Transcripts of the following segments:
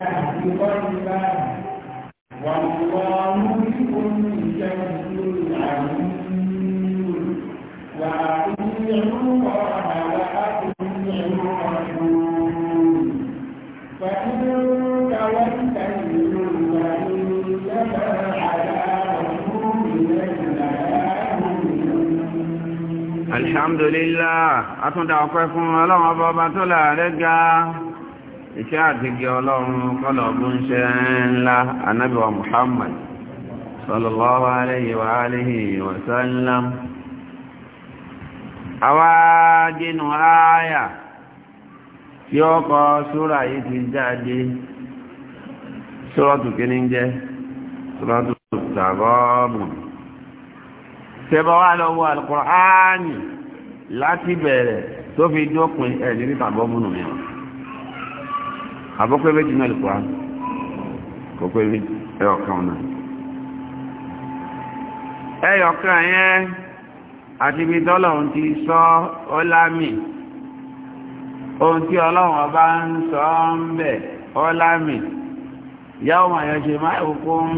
بغيبا والله بكل شيء عليم وأطيعوا الله وأطيعوا الرسول فإن تولوا فإنما على رسولنا الحمد لله أتمنى أقف الله وبابا تلا رجع ìkẹ́ àtìgẹ ọlọ́run kọlọ̀bùn ṣe ńlá anábíwa muhammad sallallahu alayhi wa alihi wa sallam awájínú ááyà tí ó kọ súra yìí ti jáde súrọ́tù kíní jẹ́ súrọ́tù tàgọ́ọ̀bù tẹ́bọ̀ wá lọ́wọ́ alkùránì láti bẹ̀rẹ̀ tó fi dópin ẹ̀dínítàbọ́mùnù mìíràn àbọ́pẹ́ méjì náà lùkọ́ kò pé ẹyọkan náà ẹyọkan yẹn àti ibi tọ́lọ́run ti sọ ó lámì ohun tí ọlọ́run ọba ń sọ ń bẹ̀ ó lámì yàwó màyọ̀ṣe máa ìwòkún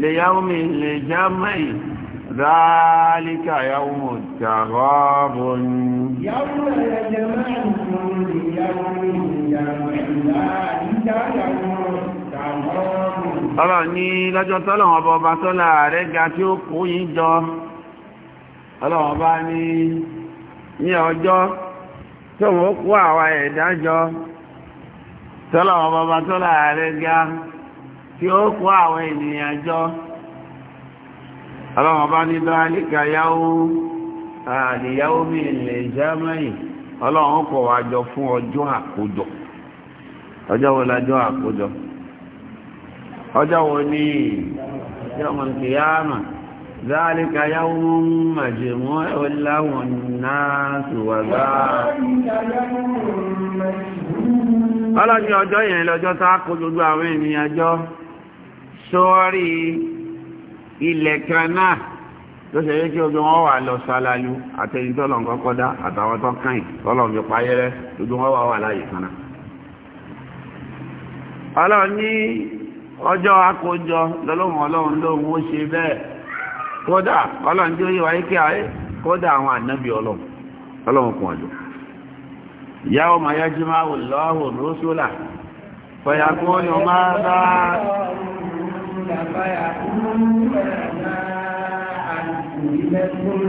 lè yàwó mi lè já mẹ́yìn ذلك يوم التغابن يوم يجمعكم ọ̀rọ̀ ni lọ́jọ́ tọ́lọ̀wọ̀n ọba ọba tọ́lá rẹ̀ ga tí ó kó yí jọ ọlọ́wọ̀n bá ní ní ọjọ́ tí ó kú àwà ẹ̀dá jọ tọ́lọ̀wọ̀n ọba ọba tọ́lá rẹ̀ ga tí ó kú àwa ènìyàn jọ ọlọ́wọ̀n yáwó mi lè ọlọ́run kọ̀ wá jọ fún ọjọ́ àkójọ ọjọ́ wo lájọ́ àkójọ ọjọ́ wo ni yọmọ kìyàmà ذلك يوم مجموع له الناس وذلك ọlọ́ni ọjọ́ yẹn lọ́jọ́ tá a kó gbogbo àwọn ènìyàn jọ ilẹ̀ kan náà tó ṣe yẹ kí ojú lọ ṣáláyú àtẹ̀yìn tọ́lọ̀ ń kọ́kọ́ àtàwọn tó kàn yìí tọ́lọ̀ ojú wọn wà wà láàyè kan náà. ọlọ́run ní ọjọ́ akójọ lọ́lọ́run ọlọ́run lóhun ó ṣe bẹ́ẹ̀ kódà ọlọ́run tí ó wáyé kí ayé kódà àwọn ànábì ọlọ́run ọlọ́run ọjọ́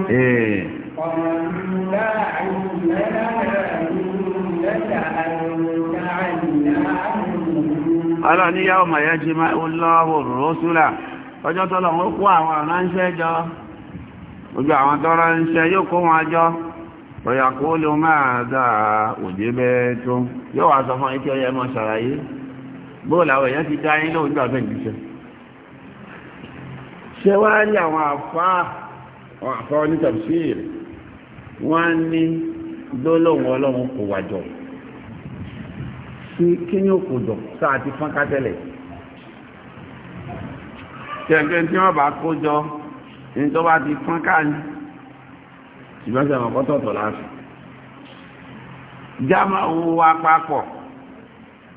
إيه قالوا لا علم لنا إنك أنت علام ألا يوم ọjọ́ àwọn aránṣẹ́ jọ gbogbo àwọn tó ránṣẹ́ yóò kó wọn jọ ọ̀yà kó lè máa dáa òjé bẹ́ẹ̀ tó yóò wá sọ fún ikẹ́ ọyẹ mọ́ ṣàlàyé ti dá yín àwọn àfáà àkọ́ ní tafsir wọ́n ní gbólóhùn ọlọ́run kò wàjọ sí kí ní òkò jọ sáà ti fọ́n kátẹ́lẹ̀ kẹ̀kẹ́ tí wọ́n bá kó jọ ní tó bá ti fọ́n káàní ṣùgbọ́n sẹ́wọ̀n kọ́tọ̀tọ̀ láti jámà owó wa papọ̀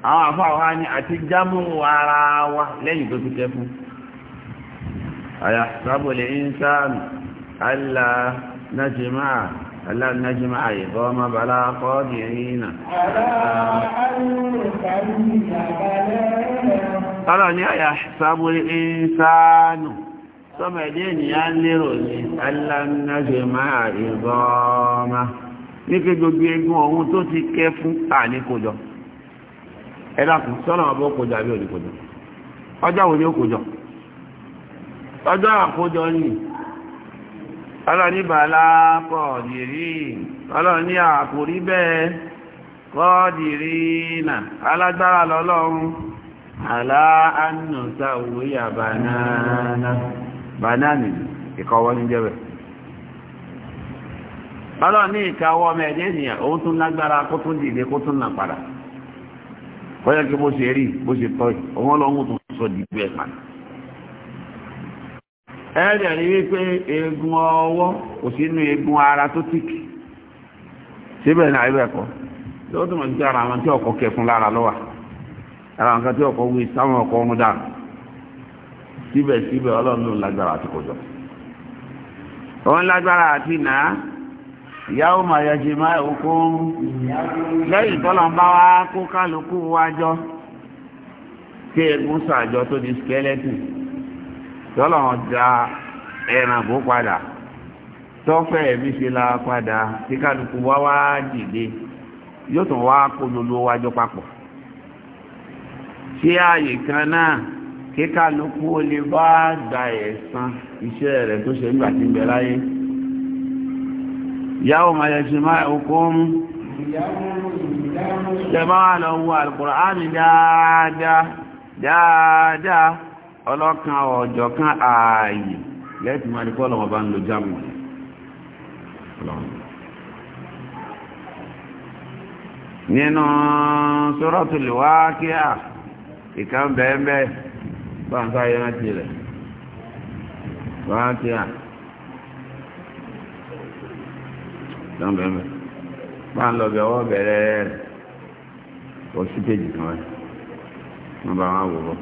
àwọn àfáwà ní àti jámà owó ara wa lẹ́yìn tó ti kẹ́ fún àyà sábòlẹ̀ ìsáàmù ألا نجمع ألا نجمع بلا قادرين ألا يحسب الإنسان sọmọ̀dé ènìyàn lérò ní aláàrínàjò máa ìbọn ní gbogbo egun ọhụrụ tó ti kẹ́ fún àní kòjọ sọ́nà ọbọ̀ kòjọ àbí òní kòjọ ọjọ́ òní kòjọ ọjọ́ àkójọ ọlọ́ni bàlá kọ̀ọ̀dìrí ọlọ́ni àkòrí bẹ́ẹ̀ kọ́ọ̀dìrí nà alágbára lọ́lọ́run àlá òwúyà bànáà bànáàni ìkọwọ́ ní jẹ́bẹ̀ ọlọ́ni ìkàwọ́ ọmọ ènìyàn òun tún lágbára ẹ̀rẹ̀ rí wípé eegun ọwọ́ kò sínú ara tó tìkì síbẹ̀ ní àyíbẹ̀ kọ́ lọ́wọ́ tó mọ̀ sí ara àwọn tí ọkọ̀ kẹfún lára lọ́wà ara nǹkan tí ọkọ̀ wí sáwọn ọkọ̀ ọmọ síbẹ̀síbẹ̀ ọlọ́run ló lágbára àti kọjọ. òun lágbára àti nà á ìyáwó máa yẹ lẹ́yìn tọ́lọ̀ ń bá wa kó tọ́lọ́run da ẹranko padà tọ́fẹ́ ẹ̀mí ṣe la padà tí kálukú wá wá dìde yóò tún wá kó lolo wájọ papọ̀ ṣé ààyè kan náà kí kálukú ó lè bá gba ẹ̀san iṣẹ́ rẹ̀ tó ṣe nígbà tí ń bẹ láyé yàwó máa ṣe máa okó mú ṣe máa lọ wo Al-Qur'ani dáadáa dáadáa. ọlọ́kan ọjọ́ kan ààyè lẹ́tì máa dípọ́ ọlọ́wọ́ bá ń lo jámù nínú Suratul Waqi'a ìkan bẹ́ẹ̀bẹ́ bá ń sáyé rántí rẹ̀ bá ń lọ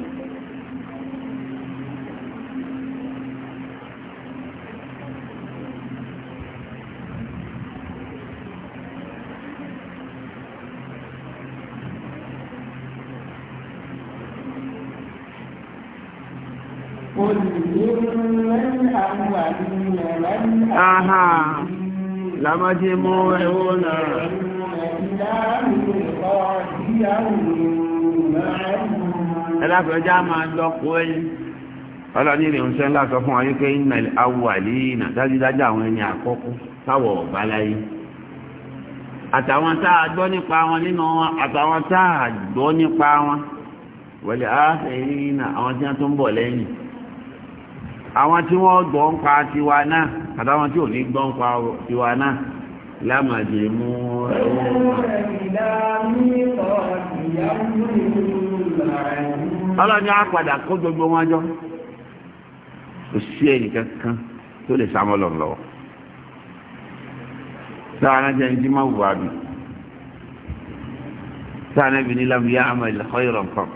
Aha, lámájí mọ́ ẹ̀wọ́ náà. Ẹlápẹ̀ọ́já máa lọ́pọ̀ ẹ̀yìn. Ọlọ́ní rẹ̀ ń ṣẹ́ ńlá sọ fún ayé pé iná awọ dájúdájú àwọn ẹni àkọ́kọ́ táwọ̀ ọ̀bá láyé. Àtàwọn táà gbọ́ nípa wọn nínú wọn, àtàwọn táà gbọ́ nípa wọn, àwọn tí wọ́n bọ̀ lẹ́yìn. àwọn tí wọ́n gbọ́ ń pa tiwa náà àtàwọn tí ò ní gbọ́ ń pa tiwa náà lámàdé mú ẹ̀wọ̀n ọlọ́ni á padà kó gbogbo wọn jọ kò sí ẹnì kankan tó lè sá lọ́wọ́ sáà jẹ́ ní tí máa wù wá bì sáà náà bí ní lábìyá àmọ́ ìlẹ̀kọ́ ìrọ̀ǹkan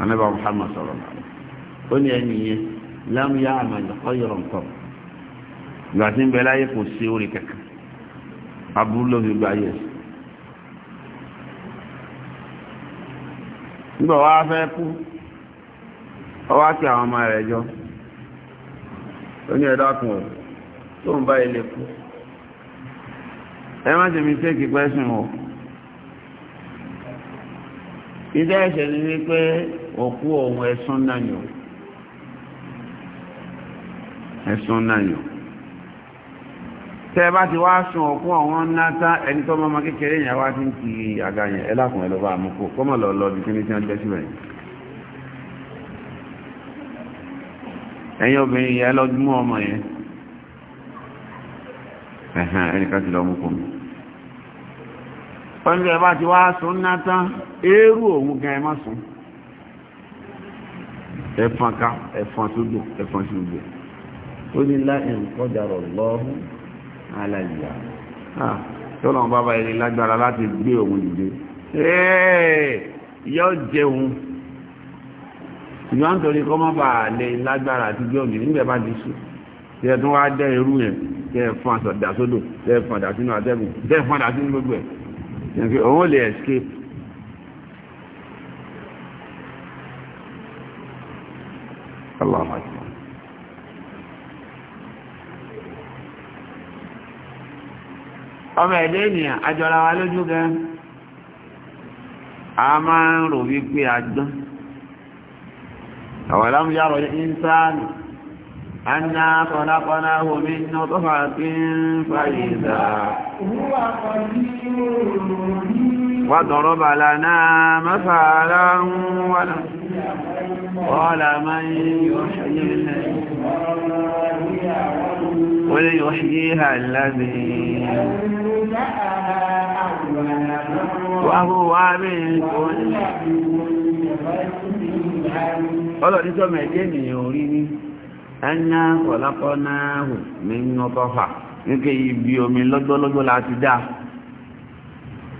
anábà Muhammad sọ̀rọ̀ ó ní ẹni yẹn lámú yá àmà ọyọrọ nǹkan ìgbà tí ń bẹ láyé kò sí orí kẹkẹ aburú ló fi gba ayé ẹsẹ nígbà wá fẹ́ kú ọwá kí àwọn ọmọ rẹ̀ jọ ó ní ẹ̀dá tó ń bá ilé kú ẹ má ṣe mi tẹ́kì pẹ́sùn o iṣẹ́ ẹ̀ṣẹ̀ ni wípé òkú òun ẹ̀sùn náà yòó ẹ̀sùn náà yọ̀ tẹ́ bá ti wá sun òkú ọ̀wọ́n ńlá tá ẹni tó mọ́mọ́ kékeré yẹn wá ti ń ti àga yẹn ẹ lákùn ẹ lọ́ba àmúkò kọ́mọ̀ lọ lọ bíi kíní tí wọ́n jẹ́ síbẹ̀ yẹn. ẹ̀yin obìnrin yẹn lọ́dún ọmọ yẹn ẹ̀hàn ẹnìkan ti lọ mú kò mí. pẹ̀lú ẹ bá ti wá sun ńlá eérú òun gan ẹ má sun ẹ̀fọn ká ẹ̀fọn sódò ẹ̀fọn sódò ó ní láì nǹkan dàrọ̀ lọ́hùn aláìyá tọ́lá wọn bábá ilé lágbára láti gbé òun dìde yọ jẹun ìyọ́n torí kọ́ mọ́ bá lè lágbára àti gbé òun dìde nígbà bá ti sùn tí ẹ tún wá dẹ́ irú yẹn tí ẹ fún àsọ̀dà sódò tí ẹ fún àdà sínú atẹ́gùn tí ẹ fún àdà sínú gbogbo ẹ̀ yẹnfi òun lè escape. Allah Akbar. ọmọ ẹ̀dẹ́ ènìyàn àjọra wa lójú gan a máa ń rò wípé agbọ́n أولم ير الإنسان أنا خلقناه من نطفة فإذا هو قدير وضرب لنا مثلا ونسي قال من يحيي العظام onye يحييها الذي وهو من كل ahụ tó mẹ́jẹ́ ènìyàn orí ní ẹ̀nà kọ̀lápọ̀ náà hù ní nọ́tọ́fà níkẹ́ ibi omi lọ́gbọ́lọ́gbọ́ láti dá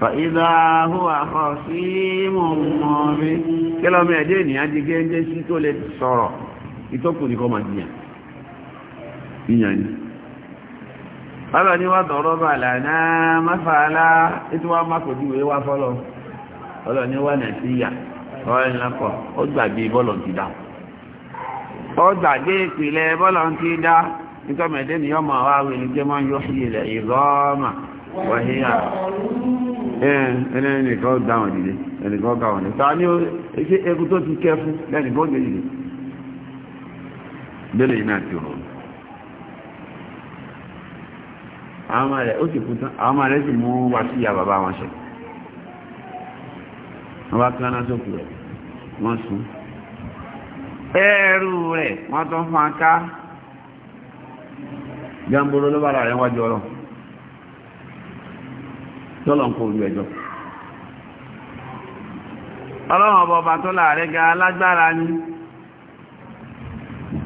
fàídà hù àkọ́ sí mọ̀mọ́ rí kí ènìyàn ọlọ́ ni wọ́n tọ̀rọ bà lànà mọ́fàálá ètò wọn má kò wá fọ́lọ́ ọlọ́ ni wọ́n nàìjí yà ọ̀rẹ́ ńlọ́kọ̀ ó gbàgbé bọ́ọ̀lù ti dá ó gbàgbé ìpìlẹ̀ ti dá nítorí mẹ́tẹ́ ni ọmọ wa wí ní jẹ́mọ́ yóò fi ilẹ̀ ìrọ́ọ̀mà wọ̀nyíyà ẹni nìkan dá wọn eku ti àwọn ọmọ rẹ̀ ó ti kú tán àwọn ọmọ rẹ̀ sì mú wá sí ìyá bàbá wọn ṣe wọ́n bá kí wọn sókù rẹ̀ wọ́n sùn ẹrù rẹ̀ wọ́n tó fún aká jamboro ló bá ra rẹ̀ wájú ọlọ́ tọ́lọ̀ ń kó ojú ẹjọ́ ọlọ́run ọba tó láàrẹ ga alágbára ni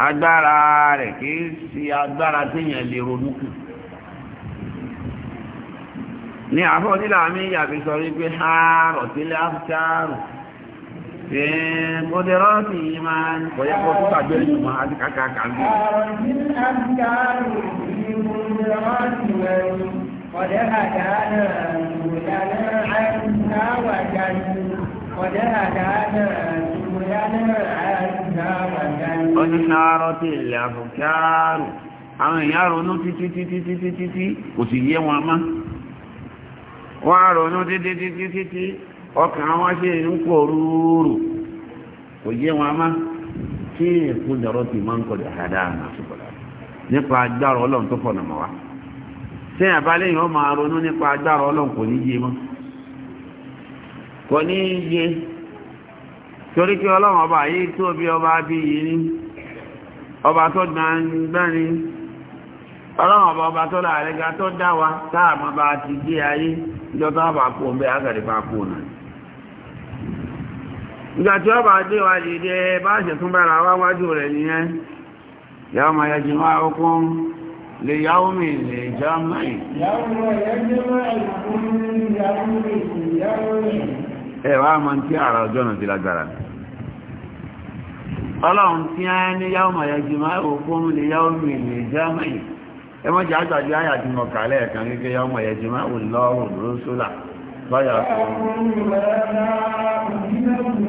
agbára rẹ̀ kìí sí agbára téèyàn lè ronú ní àfọ́ nílà mi yàfi sọ wípé àárọ̀ sílẹ̀ áfíṣàárù tí kò dé rọ́ọ̀tì yìí máa ń kọ̀ yẹ́kọ́ tó tàbí ẹ̀yìn mọ́ àti kàkà kàbí. قد هدانا سبلنا عنا وجنة قد هدانا سبلنا عنا وجنة قد نارت الأفكار àwọn èèyàn ronú títí títí títí títí kò sì yé wọn mọ́ wọ́n á ronú títí títí títí ọkàn wọn ṣe ń pọ̀ rúurú kò yé wọn má kí dọ̀rọ̀ ti máa ń kọ̀ dáadáa máa ṣe kọ̀dá nípa agbára ọlọ́run tó fọ̀nà mọ́ wa sẹ́yìn àbálẹ́ yìí wọ́n máa ronú nípa agbára ọlọ́run ọba yìí ọba ọba tó ọlọ́run ọba ọba tó tó dá wa ti gbé ìjọ bá kú ọmọ àgàdì bá kú ọ̀nà ìgbà tí ó bá dé wà dìde bá ṣe tún bára wá wájú rẹ̀ nìyẹn yàwó ma yẹ jìnwá okun lè yàwó mi lè já máì ọlọ́run tí a ní yàwó ma yẹ jìnwá okun lè yàwó mi lè já máì ẹ mọ́ jẹ́ ya àyà ya mo kà ya gẹ́gẹ́ yọ ọmọ ẹ̀jẹ̀ máa wò lọ́rùn ya báyà tó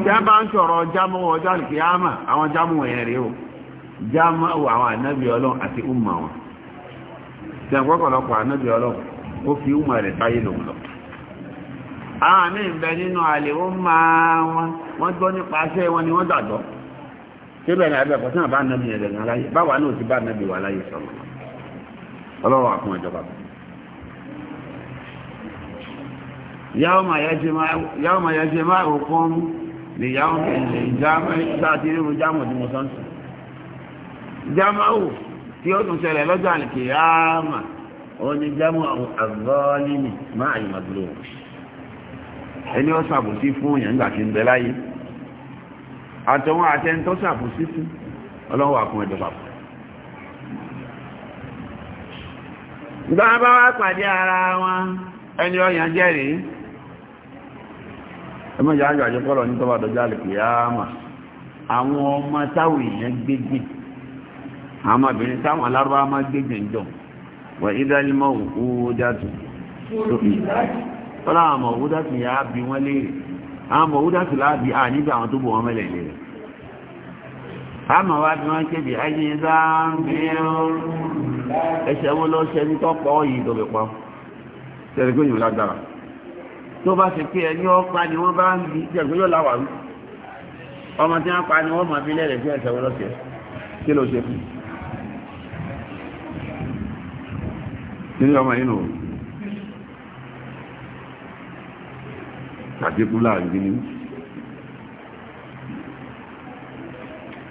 tí a bá ń sọ̀rọ̀ jámọ́ ọjọ́ àlùkìyàmà àwọn jámọ́ ẹ̀yẹn o jámọ́ àwọn ànábì àti wọn a ànábì ó fi umma rẹ̀ lòun lọ àmì ìbẹ nínú àlè ó máa wọn nípa wọn ni síbẹ̀ sí àbá láyé báwa náà ti bá wà láyé sọ̀rọ̀ ọlọ́run àkún ìjọba yàwó ma yàjẹ máa òkun lè yàwó ẹ̀jẹ̀ ìjámọ́ àti irú jámọ̀ tí mo sọ ń sọ jámọ́ tí ó tún ṣẹlẹ̀ lọ́jọ́ àlèkè yàmà ó ní jámọ́ àgbọ́ọ́lìmì máa ìmọ̀dúró ẹni ó ṣàbòsí fún èèyàn nígbà tí ń bẹ láyé àtọwọn àtẹni tó fún ọlọ́run àkún ìjọba ìgbà bá wá pàdé ara wọn ẹni ọ̀yàn jẹ́rìí ẹmọ ìyá àjọ àjọ pọ́lọ̀ ní tọ́wà dọjá lèkè yáàmà àwọn ọmọ táwọn èèyàn gbégbé àwọn ọmọbìnrin táwọn alárúbá máa gbégbé jọ wọ ìdálímọ̀ òwò tọ́lá àwọn ọmọ yà á bí wọ́n léèrè àmọ́ wá bí wọ́n kéde ayé záńbíọ́n ẹ̀ṣẹ̀ wo ló ṣe ní tọ́pọ̀ yìí tó fi pọ̀ tẹ̀lẹ́gbẹ́ yìí lágbára tó bá ṣe pé ẹni ọ̀pá ni wọ́n bá ń bí tẹ̀lẹ́gbẹ́ yóò láwà rú ọmọ tí wọ́n pa ni wọ́n máa fi lẹ́rẹ̀ẹ́ fún ẹ̀ṣẹ̀ wo ló ṣe kí ló ṣe fún nínú ọmọ yìí nù tàbí kú láàrin bí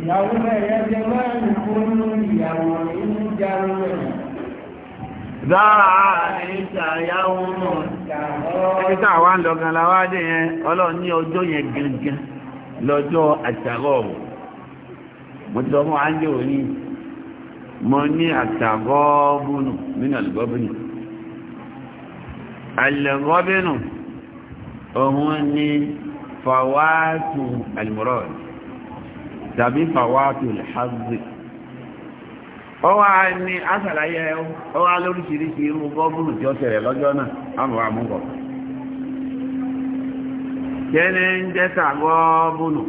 ìyàwó mẹ́rẹ̀ jẹ́ mẹ́rin fún ìyàwó inú jarú rẹ̀. Dáàrin ìṣàyàwó náà. Ẹgbẹ́ àwa ń lọ gan la wá dé yẹn, ọlọ́run ní ọjọ́ yẹn gangan lọ́jọ́ àṣàrọ̀ ọ̀rọ̀. Mo ti sọ fún Ángel òní, mo ní àṣàrọ̀ bùnù nínú àlùgọ́bìnì. Àlùgọ́bìnì, òun ni fàwátù àlùmọ́rọ̀ọ̀dì. tàbí fàwátò lẹ́hàzì ó wá ní àṣàlàyé ó wá lóríṣiríṣi irú gọ́ọ̀bùrù tí ó tẹ̀rẹ̀ lọ́jọ́ náà àmọ́ àmúkọ̀ kẹ́ni ń jẹ́ tàgọ́ọ̀bùnù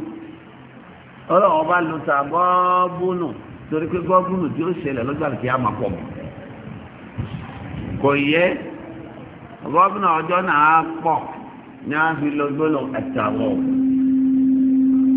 ọlọ́wọ́n bá lu tàgọ́ọ̀bùnù torí pé gọ́ọ̀bùnù tí ó ṣẹlẹ̀ lọ́jọ́ àti àmà pọ̀ kò yẹ gọ́ọ̀bùnù ọjọ́ náà pọ̀ ní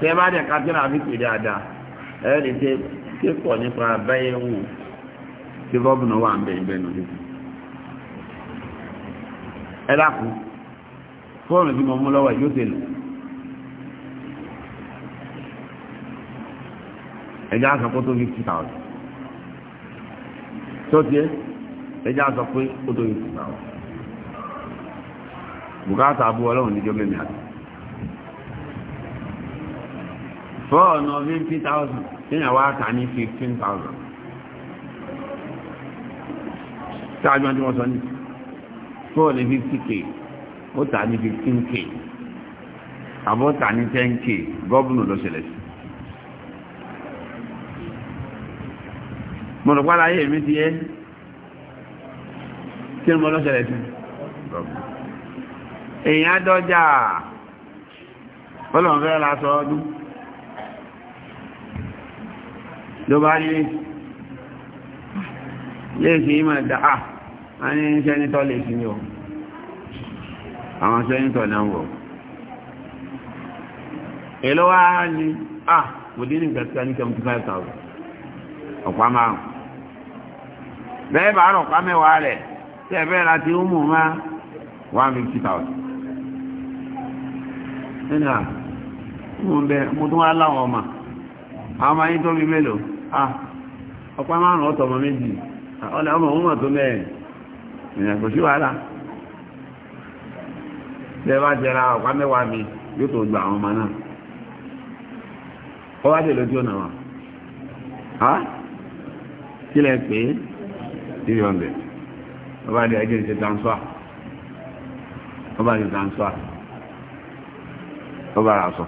tẹ́ bá dẹ̀ ká tíra fi pè dáadáa ẹ̀ lè ṣe ṣe pọ̀ nípa bẹ́ẹ̀ wò tí gọ́ọ̀bùnà wà ń bẹ̀ ìbẹ̀nu títí ẹ dákun fóònù tí mo mú lọ́wọ́ yóò ṣe lò ẹjá sọ pé ó tó fifty thousand tó tiẹ̀ ẹjá sọ pé ó tó fifty thousand bùkátà abú ọlọ́run níjọ́ mẹ́mìí àti. fọ́ọ̀nà 50,000 tíyàn wá tà ní 15,000 sáájú ọdún wọ́n sọ ní fọ́ọ̀nà 50k ó tà ní 15k àbọ́ tà ní 10k gọ́ọ̀bùnù ló ṣẹlẹ̀ sí mọ̀nà pàdà yìí èmi ti yẹ́ kí ni mo lọ ṣẹlẹ̀ sí èèyàn dọ́jà ọlọ́run fẹ́ la sọ ọdún ló bá ní léèkì ìmọ̀ ìdáà a ní sẹ́nitọ́ léèkì ní ọ àwọn sẹ́nitọ́ náà wọ̀ èló wá ní à ah, mòdí ní ìgbàsíkà ní 75,000 ọ̀pá máa bẹ́ẹ̀ bá rọ̀ pa mẹ́wàá rẹ̀ tẹ́ bẹ́ẹ̀ láti ó mú máa 150,000 nínú à mo tún wá láwọn ọmọ àwọn ọmọ yìí tó bí mélòó Ha, márùn-ún ọ̀tọ̀ ọmọ méjì ọ̀lẹ́ ọmọ òun tó mẹ́rin ìrìn kò sí wàhálà tẹ́ bá jẹra ọ̀pá mẹ́wàá mi yóò tó àwọn ọmọ náà ọ wá dé lójú ọ̀nà wa kí pé ọba dé ẹjẹ́ ọba ọba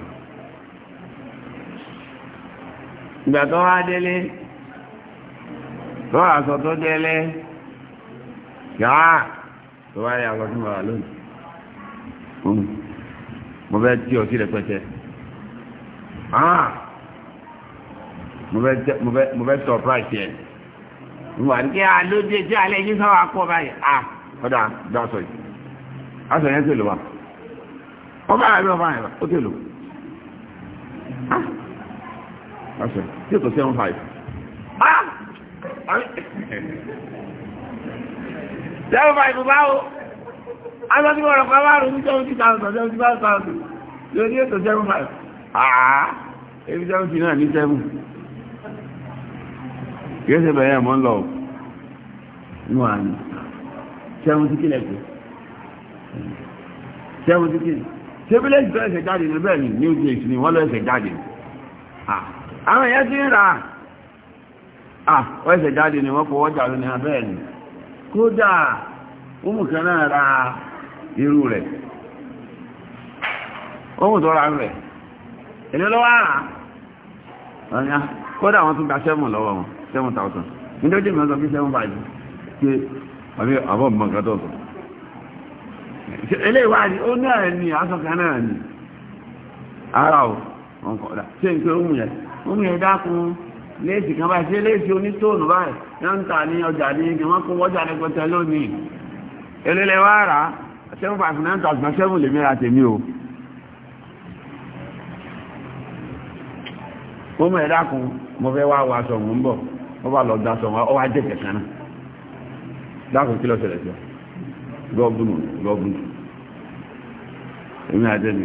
ìgbà tó wá délé tó àṣọ tó délé yàá tó wá yà lọ́dún wà lónìí mo fẹ́ tí ọtí rẹpẹtẹ mo fẹ́ surprise yẹn wà ní kí a ló dé tí alẹ́ yìí sọ́wọ́ akọ́ báyìí à ọ̀dà dá sọ yìí aṣọ yẹn tó lò wá ó bá rẹ̀ lọ́wọ́ báyìí ó tó lò wá. àṣẹ tí ó tó 75 ah 75 báwo aláti wọ́n rọ̀pá márùn ní 70,000 75,000 lórí ètò 75 ah ebi 70 náà ní 7 yóò bẹ̀rẹ̀ mọ́ lọ inú àná 70 kílẹ̀ kù 70 kílẹ̀ ṣe bí lẹ́yìn jáde ní bẹ́ẹ̀ ni ah, new jersey ni wọ́n lọ ẹsẹ̀ jáde ah àwọn èèyàn ti ń rà ọ̀ẹ́sẹ̀ jáde ni wọ́n fọwọ́ jà lónìí abẹ́ẹ̀ ni kódà ọmọ náà ra irú rẹ̀ ọmọ tó ra rẹ̀ èlé lọ́wọ́ àrà ọ̀nà kódà wọ́n tún gba sẹ́mù lọ́wọ́ wọn sẹ́mù tàùtù nítorí tí mẹ́sàn bí sẹ́mù báyìí pé àbí àbọ̀ ó mú yẹn wọ́n yẹ léèsì kan báyìí ṣé léèsì onítóònù báyìí yóò tà ní ọjà ní igi kó wọ́jà rẹpẹtẹ lónìí elélẹ̀ wá rà lè mẹ́ra tèmi o ó mọ̀ ẹ̀ mo fẹ́ wá wa sọ̀rọ̀ ń bọ̀ wọ́n bá lọ da sọ̀rọ̀ ọ kan náà dákun kí lọ sọ, èmi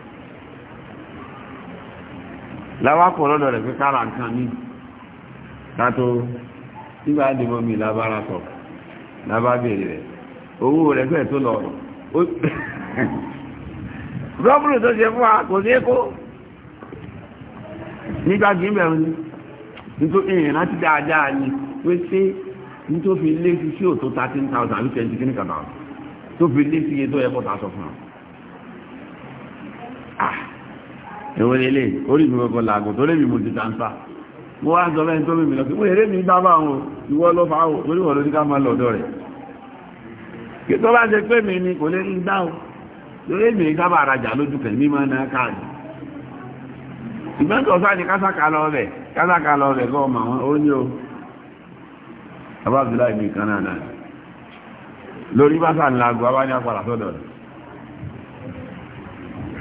láwápọ̀ lọ́dọ̀ rẹ̀ pé kára nǹkan ní kátó nígbà dìbò mi lábára sọ lábá bèèrè rẹ̀ owó rẹ̀ fẹ́ tó lọ rọ́bùrù tó ṣe fún wa kò sí kó nígbà gbìmbẹ̀rún ni nítorí ìrìnà ti dáadáa ni pé ṣé nítorí fi lé sí sí òtó thirteen thousand àbí twenty kìíní kàdà tó fi lé sí iye tó yẹ kó ta sọ fún wa. Ah èwo lélẹ̀ orí mi gbogbo làgùn tó lébi mo ti tàǹtà mo wá sọ lẹ́yìn tó mímì lọ sí mo èrè mi gbá bá wọn ìwọ ló fà áwò torí wọ́n ló ní ká máa lọ́dọ̀ rẹ̀ kí tó bá ṣe pé mi ni kò lè ń dá o torí èmi ká bá arajà lójú kẹ̀ mí máa ná káàdì ìgbọ́n tó sáà ní kásákà lọ rẹ̀ kásákà lọ rẹ̀ kọ́ ọmọ àwọn ó ní o abáàbílá ìmì kan náà náà lórí bá sáà ń lago sọ́dọ̀ rẹ̀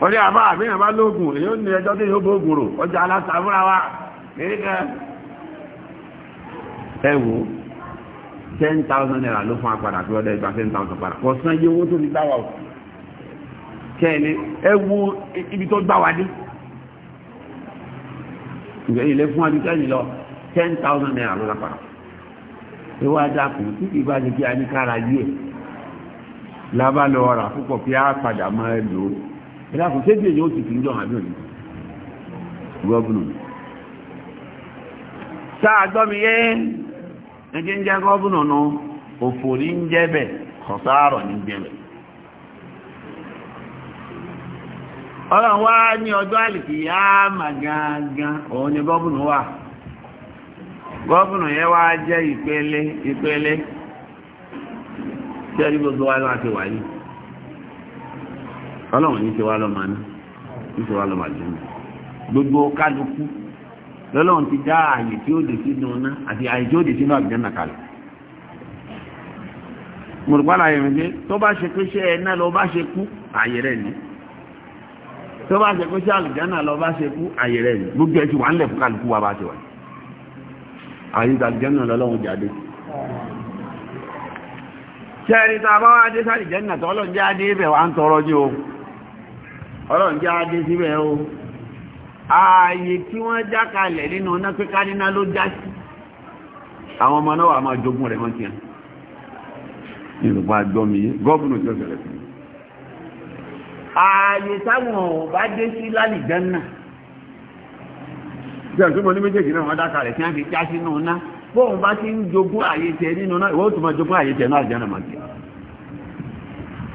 wọ́n ní àbá àmì àbá lóògùn èyí ó ní ẹjọ́ tí yóò bóògùn rò ọjà alásàmúra wa nígbà ẹ wò ten thousand naira ló fún apàdà tó ọdẹ ìgbà ten thousand padà kò san iye owó tó fi gbá wa o kẹ́ẹ̀ni ẹ wo ibi tó gbá wa dé fún wa kẹ́ẹ̀ni lọ ten thousand naira ló lápá ewu adakun tí kì í bá ti kí a ní kára yíyẹ lábá lọ ra púpọ̀ kí á padà máa lò ẹ̀dá kò ṣé bíyẹn yóò tutù níjọ́ àbí òní gọ́bùnù sáà gbọ́mi yé ẹjẹ́ ń jẹ́ gọ́bùnù nù òfò ní ń jẹ́ bẹ̀ kọ̀sáàrọ̀ ní jẹ́ bẹ̀ wá ní ọjọ́ àlìkì yá mà gangan òun ni gọ́bùnù wà gọ́bùnù yẹn wá ọlọ́run ní ti wá lọ́mọ ní ní ti wá lọ́mọ àjẹmọ́ gbogbo kálukú lọ́lọ́run ti dá ààyè tí ó dé sínú ọ̀nà àti ààyè tí ó dé sínú àbíjẹ́nà kalẹ̀ mùrùpàlà yẹn pé tó bá ṣe pé ṣe ẹ̀ná lọ bá ṣe kú ààyè rẹ̀ ni tó bá ṣe pé ṣe àlùjẹ́nà lọ bá ṣe kú ààyè rẹ̀ ni gbogbo ẹ̀ ti wà ńlẹ̀ fún kálukú wa bá ṣe wà ààyè àlùjẹ́nà lọ́lọ́run jáde ṣẹ́ẹ̀rí tá a bá wá dé sálìjẹ́nà tọ́lọ́ jáde ibẹ̀ wà ń tọrọ ní o ọlọ́run já dé síbẹ̀ o ààyè tí wọ́n já kalẹ̀ nínú ọ̀nà pé káníná ló já sí àwọn ọmọ náà wà máa jogún rẹ̀ wọ́n ti hàn nílùú àjọmí gọ́ọ̀bùnù tí ó ṣẹlẹ̀ sí ààyè táwọn ọba dé sí lálìjánná tí a tó mọ́ ní méjèèjì náà wọ́n dákà rẹ̀ tí a fi já sínú ọ̀nà bóun bá ti ń jogún ààyè tẹ nínú ọ̀nà ìwọ́n tó máa jogún ààyè tẹ náà jẹ́ náà máa jẹ́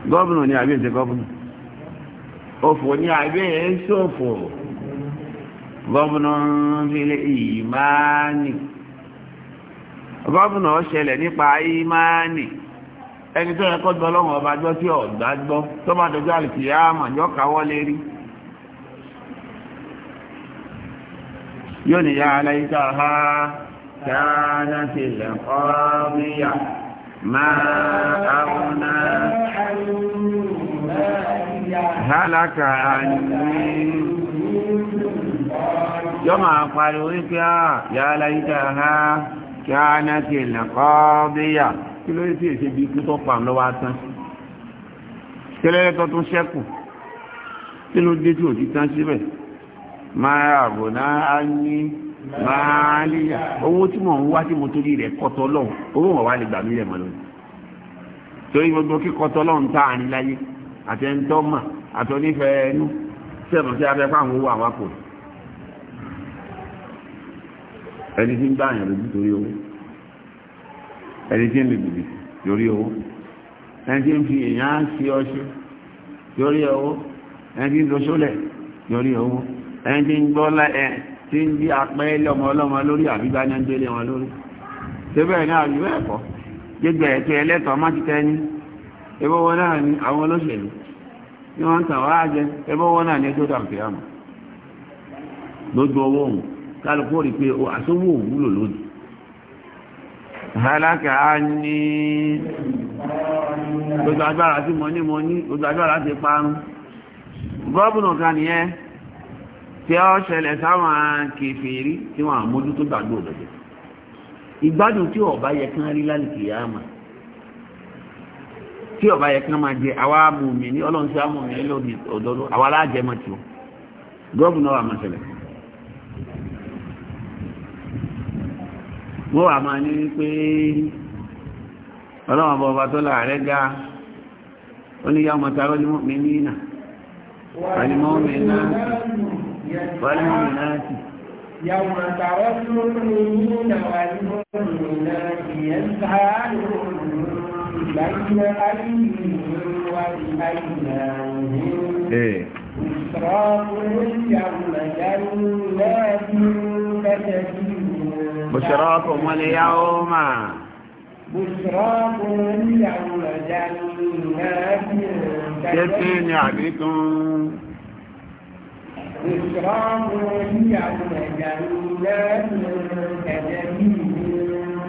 gọ́ọ̀bùnù ni àbí ìṣe gọ́ọ̀bùnù òfò ní ya esi e ṣòfò gọvanọ imani ìmáàní gómìnà ṣẹlẹ̀ nípa imani ẹni tó yẹ kó gbọ́ lọ́wọ́ ọba gbọ́ sí gbọ́ tó bá dojú àlùkìyà káwọ́ lérí yóò ní yá aláìsá ha ti máa àwọn náà hálàkà àní yọ máa pariwo wípé à yà láyíká ha kí a náà ti lẹ́kọ́ bíyà kí ló sì ṣe bí ikú tó pa lọ́wọ́ tán kí lẹ́yẹ tó tún ṣẹ́kù kí ló dé tí ò ti tán síbẹ̀ máa àbò náà á ní máa líyà owó tí mò ń wá tí mo torí rẹ̀ kọ́tọ́ lọ́hùn owó wọn wá lè gbà mí rẹ̀ mọ́ lónìí torí gbogbo kíkọ́tọ́ lọ́hùn tá a ní láyé àtẹnitọ́mà àtọ́nífẹ̀ẹ́ ẹnu sẹ́mọ̀ sí abẹ́pá àwọn owó àwọn akọ̀ ẹni tí ń bá àyàn lójú torí owó ẹni tí ń lè bìbì lórí owó ẹni tí ń fi èèyàn ṣe ọṣẹ lórí owó ẹni tí ń lọ sólẹ̀ lórí owó ẹni tí ń gbọ́ ẹ tí ń bí apẹ́ẹ́lẹ́ ọmọ ọlọ́mọ lórí àbíbá ní ń délé wọn lórí ṣé bẹ́ẹ̀ náà rí bẹ́ẹ̀ kọ́ gbégbé ẹ̀tọ́ ẹlẹ́tọ̀ọ́ má ti tẹ́ ní ẹbọ́ wọn náà ni àwọn olóṣèlú ní wọ́n ń tàn wá jẹ ẹbọ́ wọn náà ni ẹjọ́ tàbí àmà lójú ọwọ́ òun kálukú rí pé àsówó òwúlò lónìí aláka á ní gbogbo agbára tí mo ní mo ní gbogbo agbára ti parun gọ́ọ̀bùnà kan nìyẹn tí ó ṣẹlẹ̀ sáwọn kèfèrí tí wọ́n àmójútó gbàgbọ́ òdòdó ìgbádùn tí ọba yẹ kán rí lálùkìyàmà tí ọba yẹ kama máa jẹ àwa mi ní ọlọ́run tí a mùmí ní lónìí òdodo àwa alájẹ mọ̀ tí o gọ́ọ̀mù náà wà máa ṣẹlẹ̀. wọ́n wà máa ní wípé ọlọ́run ọba ọba tó láàárẹ̀ ga ó ní yá ọmọ a ní náà يوم بين بشراكم اليوم بشراكم اليوم بشراكم اليوم جنات تجري بشراكم اليوم جنات تجري من